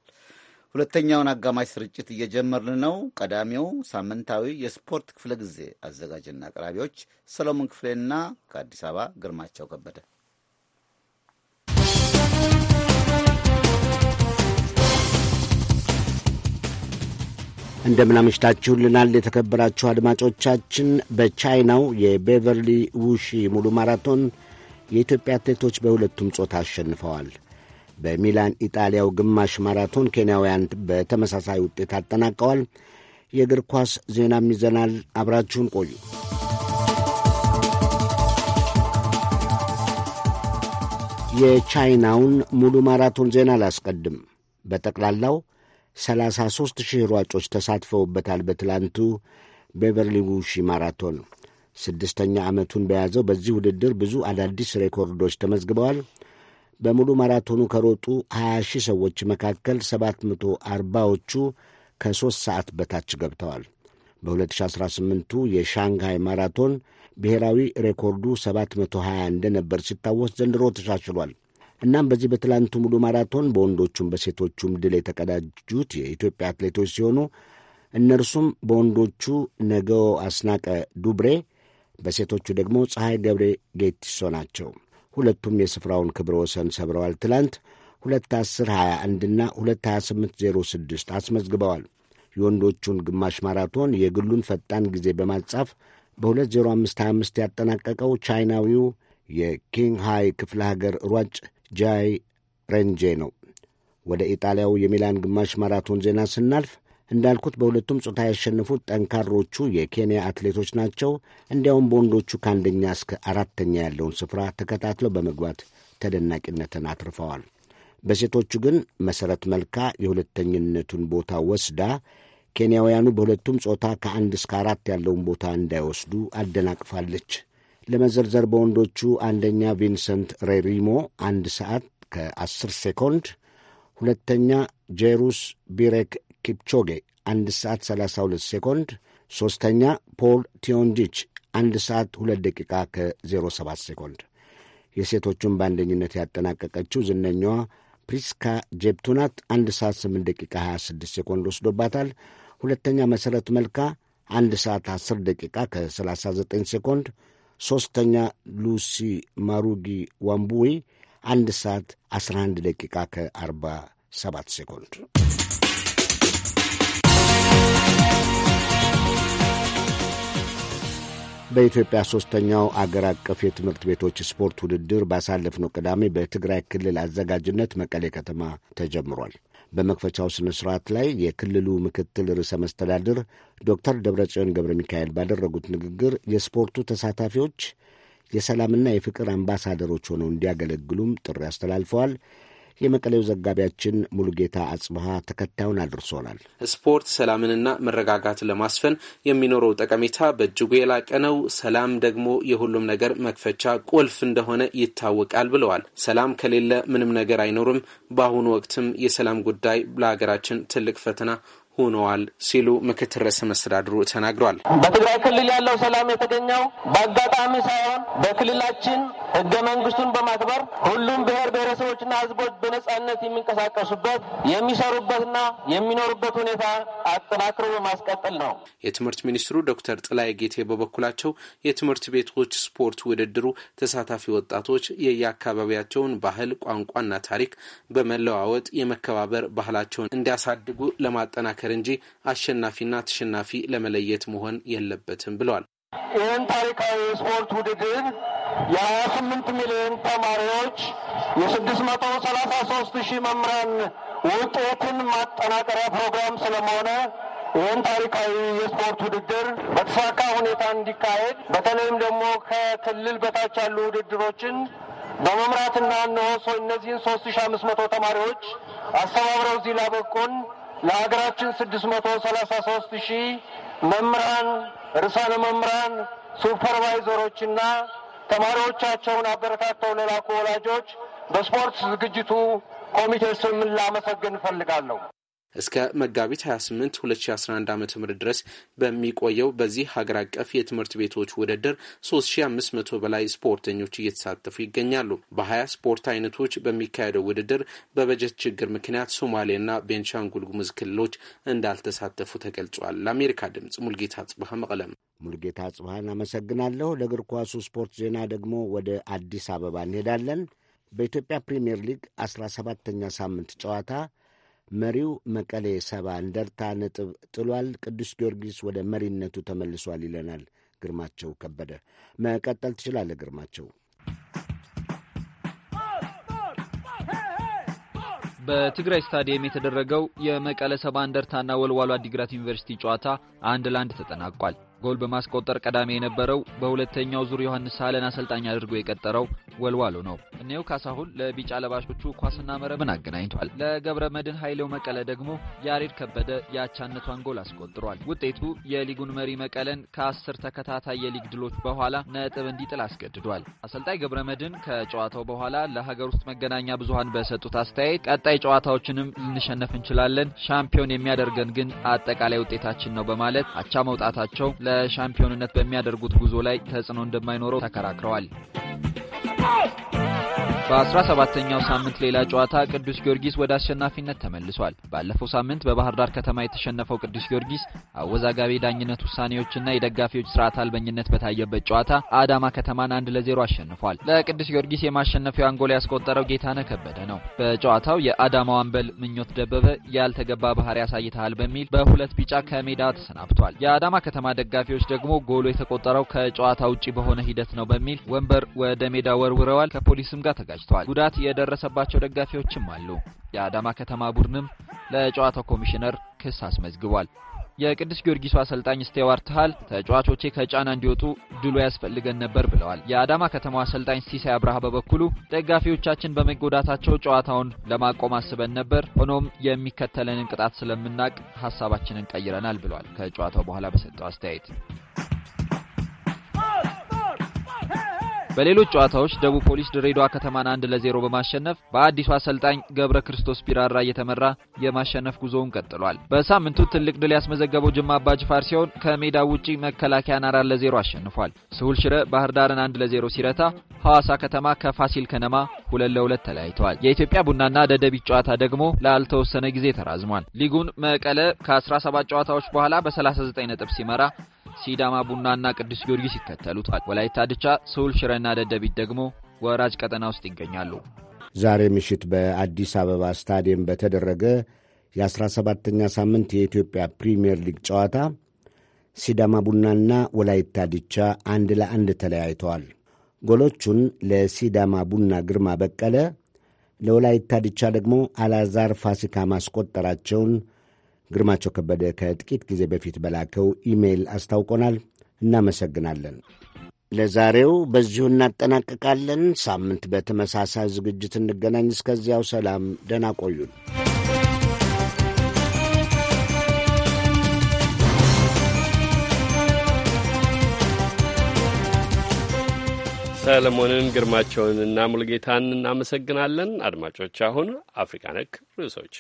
ሁለተኛውን አጋማሽ ስርጭት እየጀመርን ነው። ቀዳሚው ሳምንታዊ የስፖርት ክፍለ ጊዜ አዘጋጅና አቅራቢዎች ሰሎሞን ክፍሌና ከአዲስ አበባ ግርማቸው ከበደ። እንደምናመሽታችሁልናል የተከበራችሁ አድማጮቻችን። በቻይናው የቤቨርሊ ውሺ ሙሉ ማራቶን የኢትዮጵያ አትሌቶች በሁለቱም ጾታ አሸንፈዋል። በሚላን ኢጣሊያው ግማሽ ማራቶን ኬንያውያን በተመሳሳይ ውጤት አጠናቀዋል። የእግር ኳስ ዜናም ይዘናል። አብራችሁን ቆዩ። የቻይናውን ሙሉ ማራቶን ዜና ላስቀድም በጠቅላላው 33 ሺህ ሯጮች ተሳትፈውበታል። በትላንቱ ቤቨርሊ ውሺ ማራቶን ስድስተኛ ዓመቱን በያዘው በዚህ ውድድር ብዙ አዳዲስ ሬኮርዶች ተመዝግበዋል። በሙሉ ማራቶኑ ከሮጡ 20 ሺህ ሰዎች መካከል 740ዎቹ ከሦስት ሰዓት በታች ገብተዋል። በ2018ቱ የሻንግሃይ ማራቶን ብሔራዊ ሬኮርዱ 720 እንደነበር ሲታወስ ዘንድሮ ተሻሽሏል። እናም በዚህ በትላንቱ ሙሉ ማራቶን በወንዶቹም በሴቶቹም ድል የተቀዳጁት የኢትዮጵያ አትሌቶች ሲሆኑ እነርሱም በወንዶቹ ነገው አስናቀ ዱብሬ፣ በሴቶቹ ደግሞ ፀሐይ ገብሬ ጌቲሶ ናቸው። ሁለቱም የስፍራውን ክብረ ወሰን ሰብረዋል። ትላንት 21021 ና 22806 አስመዝግበዋል። የወንዶቹን ግማሽ ማራቶን የግሉን ፈጣን ጊዜ በማጻፍ በ20525 ያጠናቀቀው ቻይናዊው የኪንግ ሃይ ክፍለ ሀገር ሯጭ ጃይ ሬንጄ ነው። ወደ ኢጣሊያው የሚላን ግማሽ ማራቶን ዜና ስናልፍ እንዳልኩት በሁለቱም ጾታ ያሸነፉት ጠንካሮቹ የኬንያ አትሌቶች ናቸው። እንዲያውም በወንዶቹ ከአንደኛ እስከ አራተኛ ያለውን ስፍራ ተከታትለው በመግባት ተደናቂነትን አትርፈዋል። በሴቶቹ ግን መሠረት መልካ የሁለተኝነቱን ቦታ ወስዳ ኬንያውያኑ በሁለቱም ጾታ ከአንድ እስከ አራት ያለውን ቦታ እንዳይወስዱ አደናቅፋለች። ለመዘርዘር በወንዶቹ አንደኛ ቪንሰንት ሬሪሞ አንድ ሰዓት ከ10 ሴኮንድ፣ ሁለተኛ ጄሩስ ቢሬክ ኪፕቾጌ 1 ሰዓት 32 ሴኮንድ፣ ሦስተኛ ፖል ቲዮንጂች 1 ሰዓት 2 ደቂቃ ከ07 ሴኮንድ። የሴቶቹን በአንደኝነት ያጠናቀቀችው ዝነኛዋ ፕሪስካ ጄፕቱናት 1 ሰዓት 8 ደቂቃ 26 ሴኮንድ ወስዶባታል። ሁለተኛ መሠረት መልካ 1 ሰዓት 10 ደቂቃ ከ39 ሴኮንድ፣ ሦስተኛ ሉሲ ማሩጊ ዋምቡዊ 1 ሰዓት 11 ደቂቃ ከ47 ሴኮንድ በኢትዮጵያ ሦስተኛው አገር አቀፍ የትምህርት ቤቶች ስፖርት ውድድር ባሳለፍነው ቅዳሜ በትግራይ ክልል አዘጋጅነት መቀሌ ከተማ ተጀምሯል። በመክፈቻው ሥነ ሥርዓት ላይ የክልሉ ምክትል ርዕሰ መስተዳድር ዶክተር ደብረጽዮን ገብረ ሚካኤል ባደረጉት ንግግር የስፖርቱ ተሳታፊዎች የሰላምና የፍቅር አምባሳደሮች ሆነው እንዲያገለግሉም ጥሪ አስተላልፈዋል። የመቀሌው ዘጋቢያችን ሙሉጌታ አጽብሃ ተከታዩን አድርሶናል። ስፖርት ሰላምንና መረጋጋትን ለማስፈን የሚኖረው ጠቀሜታ በእጅጉ የላቀ ነው። ሰላም ደግሞ የሁሉም ነገር መክፈቻ ቁልፍ እንደሆነ ይታወቃል ብለዋል። ሰላም ከሌለ ምንም ነገር አይኖርም። በአሁኑ ወቅትም የሰላም ጉዳይ ለሀገራችን ትልቅ ፈተና ሆነዋል ሲሉ ምክትል ርዕሰ መስተዳድሩ ተናግሯል። በትግራይ ክልል ያለው ሰላም የተገኘው በአጋጣሚ ሳይሆን በክልላችን ህገ መንግስቱን በማክበር ሁሉም ብሔር ብሔረሰቦችና ህዝቦች በነጻነት የሚንቀሳቀሱበት የሚሰሩበትና የሚኖሩበት ሁኔታ አጠናክሮ በማስቀጠል ነው። የትምህርት ሚኒስትሩ ዶክተር ጥላይ ጌቴ በበኩላቸው የትምህርት ቤቶች ስፖርት ውድድሩ ተሳታፊ ወጣቶች የየአካባቢያቸውን ባህል፣ ቋንቋና ታሪክ በመለዋወጥ የመከባበር ባህላቸውን እንዲያሳድጉ ለማጠናከር መመካከር እንጂ አሸናፊና ተሸናፊ ለመለየት መሆን የለበትም ብለዋል። ይህን ታሪካዊ የስፖርት ውድድር የሀያ ስምንት ሚሊዮን ተማሪዎች የስድስት መቶ ሰላሳ ሶስት ሺህ መምህራን ውጤትን ማጠናቀሪያ ፕሮግራም ስለመሆነ ይህን ታሪካዊ የስፖርት ውድድር በተሳካ ሁኔታ እንዲካሄድ በተለይም ደግሞ ከክልል በታች ያሉ ውድድሮችን በመምራትና እነሆ እነዚህን ሶስት አምስት መቶ ተማሪዎች አስተባብረው እዚህ ላበቁን ለሀገራችን 633 ሺህ መምህራን፣ ርዕሳነ መምህራን፣ ሱፐርቫይዘሮችና ተማሪዎቻቸውን አበረታተው ለላኩ ወላጆች በስፖርት ዝግጅቱ ኮሚቴ ስም ላመሰግን እፈልጋለሁ። እስከ መጋቢት 28 2011 ዓ ም ድረስ በሚቆየው በዚህ ሀገር አቀፍ የትምህርት ቤቶች ውድድር 3500 በላይ ስፖርተኞች እየተሳተፉ ይገኛሉ። በ20 ስፖርት አይነቶች በሚካሄደው ውድድር በበጀት ችግር ምክንያት ሶማሌና ቤንሻንጉል ጉሙዝ ክልሎች እንዳልተሳተፉ ተገልጿል። ለአሜሪካ ድምፅ ሙልጌታ አጽብሃ መቀለም። ሙልጌታ አጽብሃን አመሰግናለሁ። ለእግር ኳሱ ስፖርት ዜና ደግሞ ወደ አዲስ አበባ እንሄዳለን። በኢትዮጵያ ፕሪምየር ሊግ 17 ተኛ ሳምንት ጨዋታ መሪው መቀሌ ሰባ እንደርታ ነጥብ ጥሏል። ቅዱስ ጊዮርጊስ ወደ መሪነቱ ተመልሷል ይለናል ግርማቸው ከበደ። መቀጠል ትችላለህ ግርማቸው። በትግራይ ስታዲየም የተደረገው የመቀለ ሰባ እንደርታና ወልዋሎ አዲግራት ዩኒቨርሲቲ ጨዋታ አንድ ለአንድ ተጠናቋል። ጎል በማስቆጠር ቀዳሚ የነበረው በሁለተኛው ዙር ዮሐንስ ሳለን አሰልጣኝ አድርጎ የቀጠረው ወልዋሎ ነው። እኔው ካሳሁን ለቢጫ ለባሾቹ ኳስና መረብን አገናኝቷል። ለገብረ መድን ኃይሌው መቀለ ደግሞ ያሬድ ከበደ የአቻነቷን ጎል አስቆጥሯል። ውጤቱ የሊጉን መሪ መቀለን ከአስር ተከታታይ የሊግ ድሎች በኋላ ነጥብ እንዲጥል አስገድዷል። አሰልጣኝ ገብረ መድን ከጨዋታው በኋላ ለሀገር ውስጥ መገናኛ ብዙሃን በሰጡት አስተያየት ቀጣይ ጨዋታዎችንም ልንሸነፍ እንችላለን፣ ሻምፒዮን የሚያደርገን ግን አጠቃላይ ውጤታችን ነው በማለት አቻ መውጣታቸው ለሻምፒዮንነት በሚያደርጉት ጉዞ ላይ ተጽዕኖ እንደማይኖረው ተከራክረዋል። በ17ኛው ሳምንት ሌላ ጨዋታ ቅዱስ ጊዮርጊስ ወደ አሸናፊነት ተመልሷል። ባለፈው ሳምንት በባህር ዳር ከተማ የተሸነፈው ቅዱስ ጊዮርጊስ አወዛጋቢ ዳኝነት ውሳኔዎችና የደጋፊዎች ስርዓት አልበኝነት በታየበት ጨዋታ አዳማ ከተማን አንድ ለዜሮ አሸንፏል። ለቅዱስ ጊዮርጊስ የማሸነፊያውን ጎል ያስቆጠረው ጌታነ ከበደ ነው። በጨዋታው የአዳማው አምበል ምኞት ደበበ ያልተገባ ባህሪ ያሳይተሃል በሚል በሁለት ቢጫ ከሜዳ ተሰናብቷል። የአዳማ ከተማ ደጋፊዎች ደግሞ ጎሉ የተቆጠረው ከጨዋታ ውጪ በሆነ ሂደት ነው በሚል ወንበር ወደ ሜዳ ወርውረዋል። ከፖሊስም ጋር ተጋጭተዋል። ጉዳት የደረሰባቸው ደጋፊዎችም አሉ። የአዳማ ከተማ ቡድንም ለጨዋታው ኮሚሽነር ክስ አስመዝግቧል። የቅዱስ ጊዮርጊሱ አሰልጣኝ ስቴዋርት ሃል ተጫዋቾቼ ከጫና እንዲወጡ ድሉ ያስፈልገን ነበር ብለዋል። የአዳማ ከተማው አሰልጣኝ ሲሳይ አብርሃ በበኩሉ ደጋፊዎቻችን በመጎዳታቸው ጨዋታውን ለማቆም አስበን ነበር፣ ሆኖም የሚከተለንን ቅጣት ስለምናቅ ሀሳባችንን ቀይረናል ብለዋል። ከጨዋታው በኋላ በሰጠው አስተያየት በሌሎች ጨዋታዎች ደቡብ ፖሊስ ድሬዳዋ ከተማን አንድ ለዜሮ በማሸነፍ በአዲሱ አሰልጣኝ ገብረ ክርስቶስ ቢራራ እየተመራ የማሸነፍ ጉዞውን ቀጥሏል። በሳምንቱ ትልቅ ድል ያስመዘገበው ጅማ ጅፋር ሲሆን ከሜዳ ውጪ መከላከያን አራት ለዜሮ አሸንፏል። ስሁል ሽረ ባህር ዳርን አንድ ለዜሮ ሲረታ፣ ሐዋሳ ከተማ ከፋሲል ከነማ ሁለት ለሁለት ተለያይተዋል። የኢትዮጵያ ቡናና ደደቢት ጨዋታ ደግሞ ላልተወሰነ ጊዜ ተራዝሟል። ሊጉን መቀለ ከ17 ጨዋታዎች በኋላ በ39 ነጥብ ሲመራ ሲዳማ ቡናና ቅዱስ ጊዮርጊስ ይከተሉታል። ወላይታ ድቻ፣ ስሁል ሽረና ደደቢት ደግሞ ወራጅ ቀጠና ውስጥ ይገኛሉ። ዛሬ ምሽት በአዲስ አበባ ስታዲየም በተደረገ የ17ኛ ሳምንት የኢትዮጵያ ፕሪምየር ሊግ ጨዋታ ሲዳማ ቡናና ወላይታ ድቻ አንድ ለአንድ ተለያይተዋል። ጎሎቹን ለሲዳማ ቡና ግርማ በቀለ፣ ለወላይታ ድቻ ደግሞ አላዛር ፋሲካ ማስቆጠራቸውን ግርማቸው ከበደ ከጥቂት ጊዜ በፊት በላከው ኢሜይል አስታውቆናል። እናመሰግናለን። ለዛሬው በዚሁ እናጠናቅቃለን። ሳምንት በተመሳሳይ ዝግጅት እንገናኝ። እስከዚያው ሰላም፣ ደህና ቆዩን። ሰለሞንን ግርማቸውንና ሙልጌታን እናመሰግናለን። አድማጮች፣ አሁን አፍሪካ ነክ ርዕሶች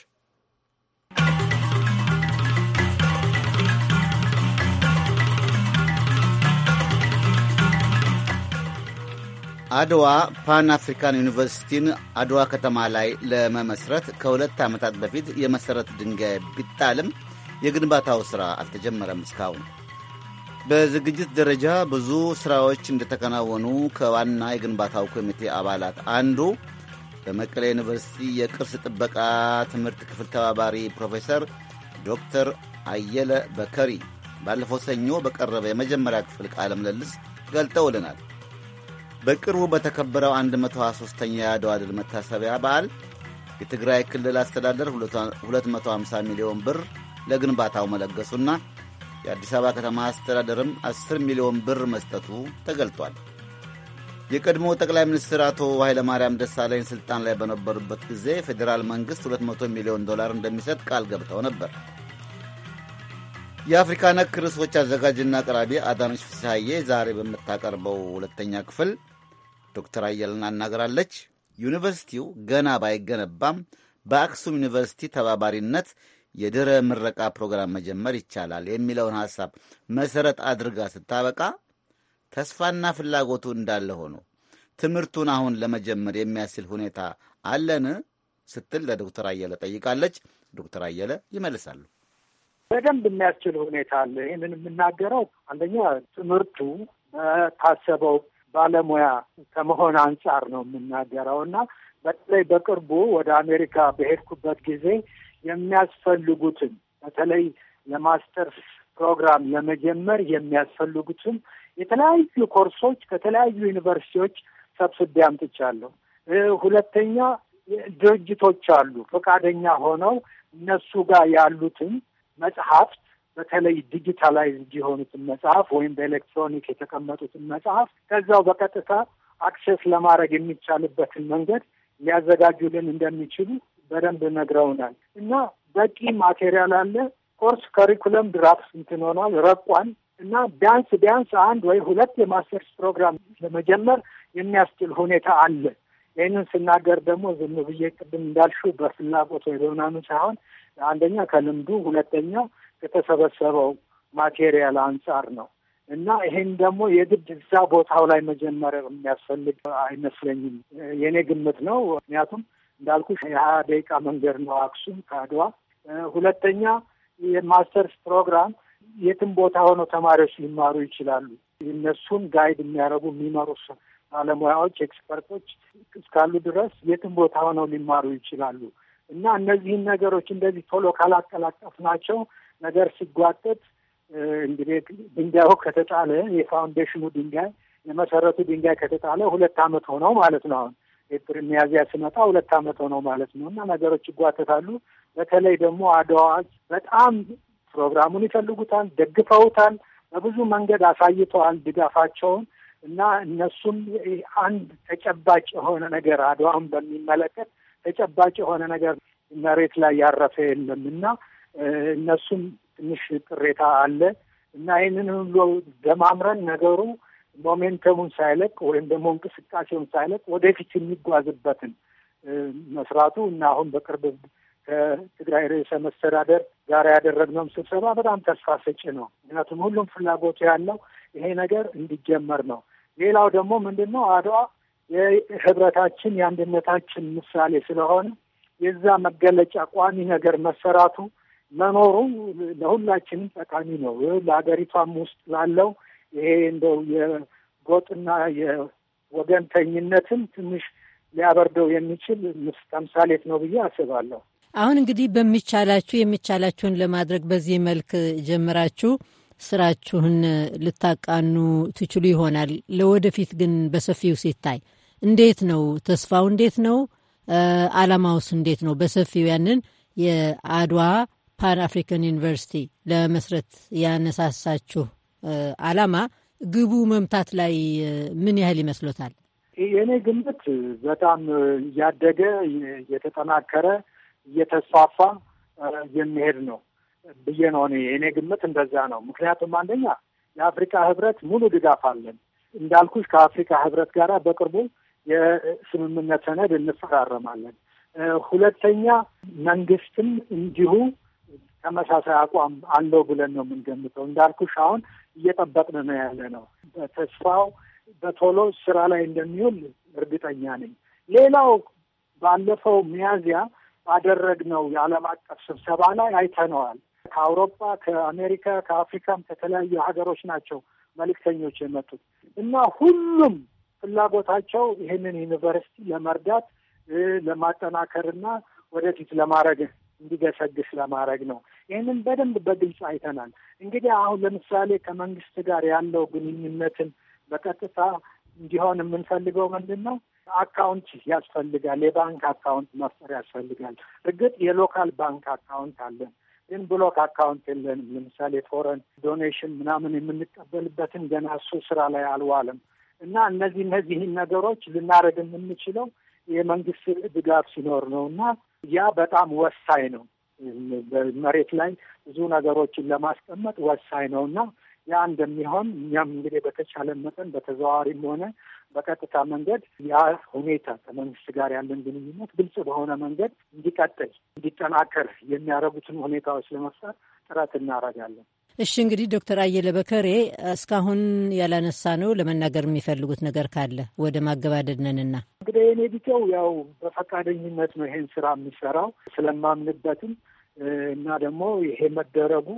አድዋ ፓን አፍሪካን ዩኒቨርሲቲን አድዋ ከተማ ላይ ለመመስረት ከሁለት ዓመታት በፊት የመሠረት ድንጋይ ቢጣልም የግንባታው ሥራ አልተጀመረም። እስካሁን በዝግጅት ደረጃ ብዙ ሥራዎች እንደተከናወኑ ከዋና የግንባታው ኮሚቴ አባላት አንዱ በመቀሌ ዩኒቨርሲቲ የቅርስ ጥበቃ ትምህርት ክፍል ተባባሪ ፕሮፌሰር ዶክተር አየለ በከሪ ባለፈው ሰኞ በቀረበ የመጀመሪያ ክፍል ቃለ ምልልስ ገልጠውልናል። በቅርቡ በተከበረው 123ኛ የአድዋ ድል መታሰቢያ በዓል የትግራይ ክልል አስተዳደር 250 ሚሊዮን ብር ለግንባታው መለገሱና የአዲስ አበባ ከተማ አስተዳደርም 10 ሚሊዮን ብር መስጠቱ ተገልጧል። የቀድሞ ጠቅላይ ሚኒስትር አቶ ኃይለማርያም ደሳለኝ ስልጣን ላይ በነበሩበት ጊዜ ፌዴራል መንግሥት 200 ሚሊዮን ዶላር እንደሚሰጥ ቃል ገብተው ነበር። የአፍሪካ ነክ ርዕሶች አዘጋጅና አቅራቢ አዳነች ፍስሐዬ ዛሬ በምታቀርበው ሁለተኛ ክፍል ዶክተር አየልን አናገራለች። ዩኒቨርሲቲው ገና ባይገነባም በአክሱም ዩኒቨርሲቲ ተባባሪነት የድረ ምረቃ ፕሮግራም መጀመር ይቻላል የሚለውን ሐሳብ መሠረት አድርጋ ስታበቃ ተስፋና ፍላጎቱ እንዳለ ሆኖ ትምህርቱን አሁን ለመጀመር የሚያስችል ሁኔታ አለን ስትል ለዶክተር አየለ ጠይቃለች። ዶክተር አየለ ይመልሳሉ። በደንብ የሚያስችል ሁኔታ አለ። ይህንን የምናገረው አንደኛ ትምህርቱ ታሰበው ባለሙያ ከመሆን አንጻር ነው የምናገረው እና በተለይ በቅርቡ ወደ አሜሪካ በሄድኩበት ጊዜ የሚያስፈልጉትን በተለይ የማስተርስ ፕሮግራም ለመጀመር የሚያስፈልጉትን የተለያዩ ኮርሶች ከተለያዩ ዩኒቨርሲቲዎች ሰብስቤ አምጥቻለሁ። ሁለተኛ ድርጅቶች አሉ፣ ፈቃደኛ ሆነው እነሱ ጋር ያሉትን መጽሐፍት በተለይ ዲጂታላይዝድ የሆኑትን መጽሐፍ ወይም በኤሌክትሮኒክ የተቀመጡትን መጽሐፍ ከዛው በቀጥታ አክሴስ ለማድረግ የሚቻልበትን መንገድ ሊያዘጋጁልን እንደሚችሉ በደንብ ነግረውናል እና በቂ ማቴሪያል አለ። ኮርስ ከሪኩለም ድራፍት እንትን ሆኗል ረቋን እና ቢያንስ ቢያንስ አንድ ወይ ሁለት የማስተርስ ፕሮግራም ለመጀመር የሚያስችል ሁኔታ አለ። ይህንን ስናገር ደግሞ ዝም ብዬ ቅድም እንዳልሹ በፍላጎት ወይ በምናምን ሳይሆን አንደኛ ከልምዱ ሁለተኛ ከተሰበሰበው ማቴሪያል አንጻር ነው እና ይሄን ደግሞ የግድ እዛ ቦታው ላይ መጀመር የሚያስፈልግ አይመስለኝም። የእኔ ግምት ነው። ምክንያቱም እንዳልኩ የሀያ ደቂቃ መንገድ ነው አክሱም ከአድዋ። ሁለተኛ የማስተርስ ፕሮግራም የትም ቦታ ሆኖ ተማሪዎች ሊማሩ ይችላሉ። እነሱን ጋይድ የሚያደርጉ የሚመሩ ባለሙያዎች፣ ኤክስፐርቶች እስካሉ ድረስ የትም ቦታ ሆነው ሊማሩ ይችላሉ እና እነዚህን ነገሮች እንደዚህ ቶሎ ካላቀላቀፍ ናቸው ነገር ሲጓተት እንግዲህ ድንጋዩ ከተጣለ የፋውንዴሽኑ ድንጋይ የመሰረቱ ድንጋይ ከተጣለ ሁለት ዓመት ሆነው ማለት ነው። አሁን ኤፕሪል ሚያዝያ ሲመጣ ሁለት ዓመት ሆነው ማለት ነው። እና ነገሮች ይጓተታሉ። በተለይ ደግሞ አድዋ በጣም ፕሮግራሙን ይፈልጉታል፣ ደግፈውታል፣ በብዙ መንገድ አሳይተዋል ድጋፋቸውን እና እነሱም አንድ ተጨባጭ የሆነ ነገር አድዋውን በሚመለከት ተጨባጭ የሆነ ነገር መሬት ላይ ያረፈ የለም እና እነሱም ትንሽ ቅሬታ አለ እና ይህንን ሁሉ ደማምረን ነገሩ ሞሜንተሙን ሳይለቅ ወይም ደግሞ እንቅስቃሴውን ሳይለቅ ወደፊት የሚጓዝበትን መስራቱ እና አሁን በቅርብ ከትግራይ ርዕሰ መስተዳደር ጋር ያደረግነውም ስብሰባ በጣም ተስፋ ሰጪ ነው። ምክንያቱም ሁሉም ፍላጎቱ ያለው ይሄ ነገር እንዲጀመር ነው። ሌላው ደግሞ ምንድን ነው አድዋ የህብረታችን የአንድነታችን ምሳሌ ስለሆነ የዛ መገለጫ ቋሚ ነገር መሰራቱ መኖሩ ለሁላችንም ጠቃሚ ነው። ለሀገሪቷም ውስጥ ላለው ይሄ እንደው የጎጥና የወገንተኝነትን ትንሽ ሊያበርደው የሚችል ተምሳሌት ነው ብዬ አስባለሁ። አሁን እንግዲህ በሚቻላችሁ የሚቻላችሁን ለማድረግ በዚህ መልክ ጀምራችሁ ስራችሁን ልታቃኑ ትችሉ ይሆናል። ለወደፊት ግን በሰፊው ሲታይ እንዴት ነው ተስፋው? እንዴት ነው አላማውስ? እንዴት ነው በሰፊው ያንን የአድዋ ፓን አፍሪካን ዩኒቨርሲቲ ለመስረት ያነሳሳችሁ አላማ ግቡ መምታት ላይ ምን ያህል ይመስሎታል? የእኔ ግምት በጣም እያደገ እየተጠናከረ እየተስፋፋ የሚሄድ ነው ብዬ ነው እኔ የእኔ ግምት እንደዛ ነው። ምክንያቱም አንደኛ የአፍሪካ ህብረት ሙሉ ድጋፍ አለን እንዳልኩሽ ከአፍሪካ ህብረት ጋር በቅርቡ የስምምነት ሰነድ እንፈራረማለን። ሁለተኛ መንግስትም እንዲሁ ተመሳሳይ አቋም አለው ብለን ነው የምንገምተው። እንዳልኩሽ አሁን እየጠበቅን ነው ያለ ነው። ተስፋው በቶሎ ስራ ላይ እንደሚውል እርግጠኛ ነኝ። ሌላው ባለፈው ሚያዝያ ባደረግነው የዓለም አቀፍ ስብሰባ ላይ አይተነዋል። ከአውሮፓ፣ ከአሜሪካ፣ ከአፍሪካም ከተለያዩ ሀገሮች ናቸው መልእክተኞች የመጡት እና ሁሉም ፍላጎታቸው ይህንን ዩኒቨርሲቲ ለመርዳት ለማጠናከርና ወደፊት ለማድረግ እንዲገሰግስ ለማድረግ ነው። ይህንን በደንብ በግልጽ አይተናል። እንግዲህ አሁን ለምሳሌ ከመንግስት ጋር ያለው ግንኙነትን በቀጥታ እንዲሆን የምንፈልገው ምንድን ነው? አካውንት ያስፈልጋል። የባንክ አካውንት መፍጠር ያስፈልጋል። እርግጥ የሎካል ባንክ አካውንት አለን፣ ግን ብሎክ አካውንት የለንም። ለምሳሌ ፎረን ዶኔሽን ምናምን የምንቀበልበትን ገና እሱ ስራ ላይ አልዋለም እና እነዚህ እነዚህን ነገሮች ልናደርግ የምንችለው የመንግስት ድጋፍ ሲኖር ነው እና ያ በጣም ወሳኝ ነው። መሬት ላይ ብዙ ነገሮችን ለማስቀመጥ ወሳኝ ነው እና ያ እንደሚሆን እኛም እንግዲህ በተቻለ መጠን በተዘዋዋሪም ሆነ በቀጥታ መንገድ ያ ሁኔታ ከመንግስት ጋር ያለን ግንኙነት ግልጽ በሆነ መንገድ እንዲቀጥል እንዲጠናከር የሚያደርጉትን ሁኔታዎች ለመፍጠር ጥረት እናደርጋለን። እሺ እንግዲህ ዶክተር አየለ በከሬ እስካሁን ያላነሳ ነው ለመናገር የሚፈልጉት ነገር ካለ ወደ ማገባደድ ነንና፣ እንግዲህ እኔ ቢጤው ያው በፈቃደኝነት ነው ይሄን ስራ የሚሰራው ስለማምንበትም እና ደግሞ ይሄ መደረጉ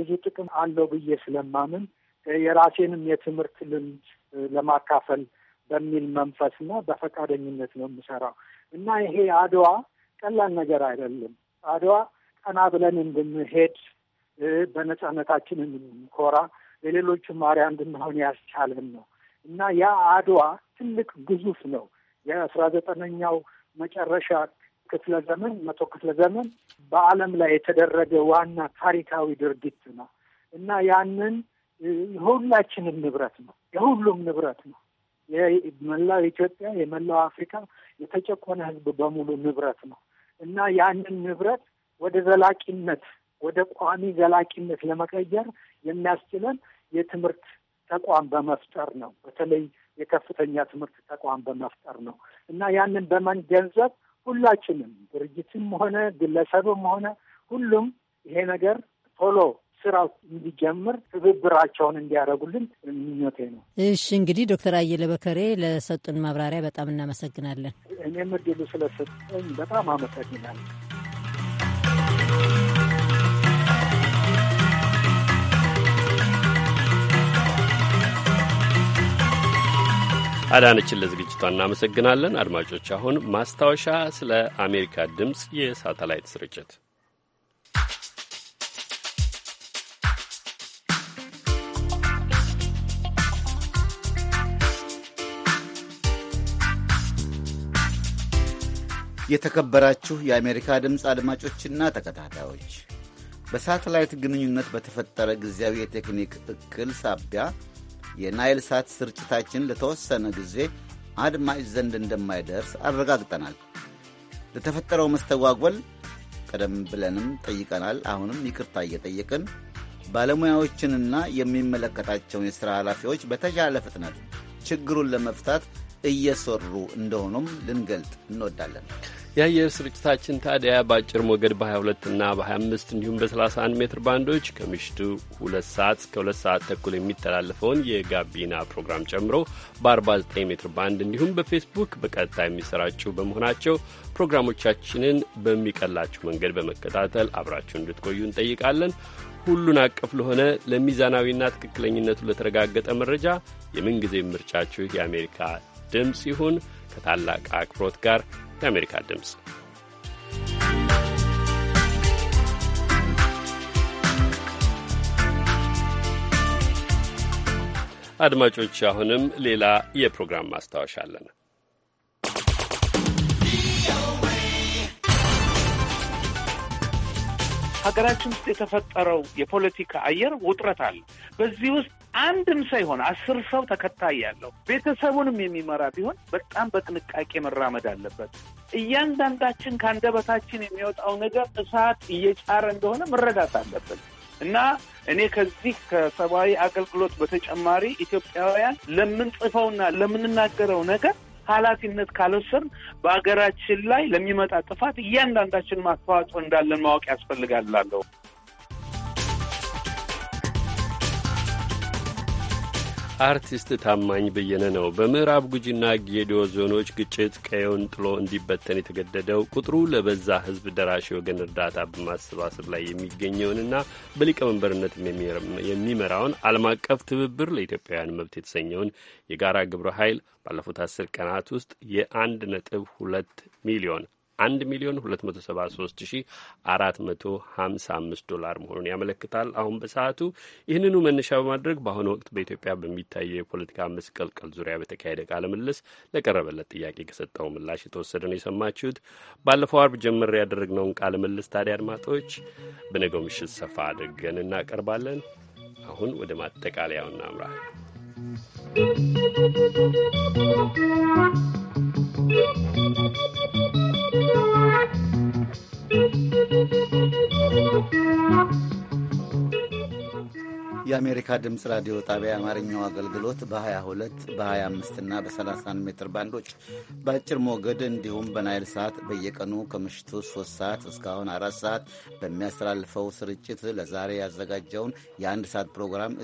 ብዙ ጥቅም አለው ብዬ ስለማምን የራሴንም የትምህርት ልምድ ለማካፈል በሚል መንፈስ እና በፈቃደኝነት ነው የምሰራው እና ይሄ አድዋ ቀላል ነገር አይደለም። አድዋ ቀና ብለን እንድንሄድ በነጻነታችን የምንኮራ ለሌሎችም አርአያ እንድንሆን ያስቻለን ነው እና ያ አድዋ ትልቅ ግዙፍ ነው። የአስራ ዘጠነኛው መጨረሻ ክፍለ ዘመን መቶ ክፍለ ዘመን በዓለም ላይ የተደረገ ዋና ታሪካዊ ድርጊት ነው እና ያንን የሁላችንም ንብረት ነው፣ የሁሉም ንብረት ነው። የመላው ኢትዮጵያ፣ የመላው አፍሪካ፣ የተጨቆነ ሕዝብ በሙሉ ንብረት ነው እና ያንን ንብረት ወደ ዘላቂነት ወደ ቋሚ ዘላቂነት ለመቀየር የሚያስችለን የትምህርት ተቋም በመፍጠር ነው። በተለይ የከፍተኛ ትምህርት ተቋም በመፍጠር ነው እና ያንን በመገንዘብ ሁላችንም ድርጅትም ሆነ ግለሰብም ሆነ ሁሉም ይሄ ነገር ቶሎ ስራው እንዲጀምር ትብብራቸውን እንዲያደርጉልን ምኞቴ ነው። እሺ እንግዲህ ዶክተር አየለ በከሬ ለሰጡን ማብራሪያ በጣም እናመሰግናለን። እኔም እድሉ ስለሰጠኝ በጣም አመሰግናለን። አዳነችን ለዝግጅቷ እናመሰግናለን። አድማጮች፣ አሁን ማስታወሻ ስለ አሜሪካ ድምፅ የሳተላይት ስርጭት የተከበራችሁ የአሜሪካ ድምፅ አድማጮችና ተከታታዮች በሳተላይት ግንኙነት በተፈጠረ ጊዜያዊ የቴክኒክ እክል ሳቢያ የናይል ሳት ስርጭታችን ለተወሰነ ጊዜ አድማጭ ዘንድ እንደማይደርስ አረጋግጠናል። ለተፈጠረው መስተጓጎል ቀደም ብለንም ጠይቀናል። አሁንም ይቅርታ እየጠየቅን ባለሙያዎችንና የሚመለከታቸውን የሥራ ኃላፊዎች በተሻለ ፍጥነት ችግሩን ለመፍታት እየሰሩ እንደሆኑም ልንገልጥ እንወዳለን። የአየር ስርጭታችን ታዲያ በአጭር ሞገድ በ22 እና በ25 እንዲሁም በ31 ሜትር ባንዶች ከምሽቱ 2 ሰዓት እስከ 2 ሰዓት ተኩል የሚተላለፈውን የጋቢና ፕሮግራም ጨምሮ በ49 ሜትር ባንድ እንዲሁም በፌስቡክ በቀጥታ የሚሰራጩ በመሆናቸው ፕሮግራሞቻችንን በሚቀላችሁ መንገድ በመከታተል አብራችሁ እንድትቆዩ እንጠይቃለን። ሁሉን አቀፍ ለሆነ ለሚዛናዊና ትክክለኝነቱ ለተረጋገጠ መረጃ የምንጊዜ ምርጫችሁ የአሜሪካ ድምፅ ይሁን። ከታላቅ አክብሮት ጋር የአሜሪካ ድምፅ አድማጮች አሁንም ሌላ የፕሮግራም ማስታወሻ አለን። ሀገራችን ውስጥ የተፈጠረው የፖለቲካ አየር ውጥረት አለ። በዚህ ውስጥ አንድም ሳይሆን አስር ሰው ተከታይ ያለው ቤተሰቡንም የሚመራ ቢሆን በጣም በጥንቃቄ መራመድ አለበት። እያንዳንዳችን ከአንደበታችን የሚወጣው ነገር እሳት እየጫረ እንደሆነ መረዳት አለብን እና እኔ ከዚህ ከሰብአዊ አገልግሎት በተጨማሪ ኢትዮጵያውያን ለምንጽፈውና ለምንናገረው ነገር ኃላፊነት ካልወሰን በሀገራችን ላይ ለሚመጣ ጥፋት እያንዳንዳችን ማስተዋጽኦ እንዳለን ማወቅ ያስፈልጋል እላለሁ። አርቲስት ታማኝ በየነ ነው። በምዕራብ ጉጂና ጌዲዮ ዞኖች ግጭት ቀየውን ጥሎ እንዲበተን የተገደደው ቁጥሩ ለበዛ ሕዝብ ደራሽ ወገን እርዳታ በማሰባሰብ ላይ የሚገኘውንና በሊቀመንበርነት የሚመራውን ዓለም አቀፍ ትብብር ለኢትዮጵያውያን መብት የተሰኘውን የጋራ ግብረ ኃይል ባለፉት አስር ቀናት ውስጥ የአንድ ነጥብ ሁለት ሚሊዮን አንድ ሚሊዮን ሁለት መቶ ሰባ ሶስት ሺ አራት መቶ ሀምሳ አምስት ዶላር መሆኑን ያመለክታል። አሁን በሰዓቱ ይህንኑ መነሻ በማድረግ በአሁኑ ወቅት በኢትዮጵያ በሚታየው የፖለቲካ መስቀልቀል ዙሪያ በተካሄደ ቃለ ምልልስ ለቀረበለት ጥያቄ ከሰጠው ምላሽ የተወሰደ ነው የሰማችሁት። ባለፈው አርብ ጀምር ያደረግነውን ቃለ ምልልስ ታዲያ አድማጮች በነገው ምሽት ሰፋ አድርገን እናቀርባለን። አሁን ወደ ማጠቃለያው እናምራ። Thank you. የአሜሪካ ድምፅ ራዲዮ ጣቢያ የአማርኛው አገልግሎት በ22 በ25 እና በ31 ሜትር ባንዶች በአጭር ሞገድ እንዲሁም በናይል ሰዓት በየቀኑ ከምሽቱ 3 ሰዓት እስካሁን 4 ሰዓት በሚያስተላልፈው ስርጭት ለዛሬ ያዘጋጀውን የአንድ ሰዓት ፕሮግራም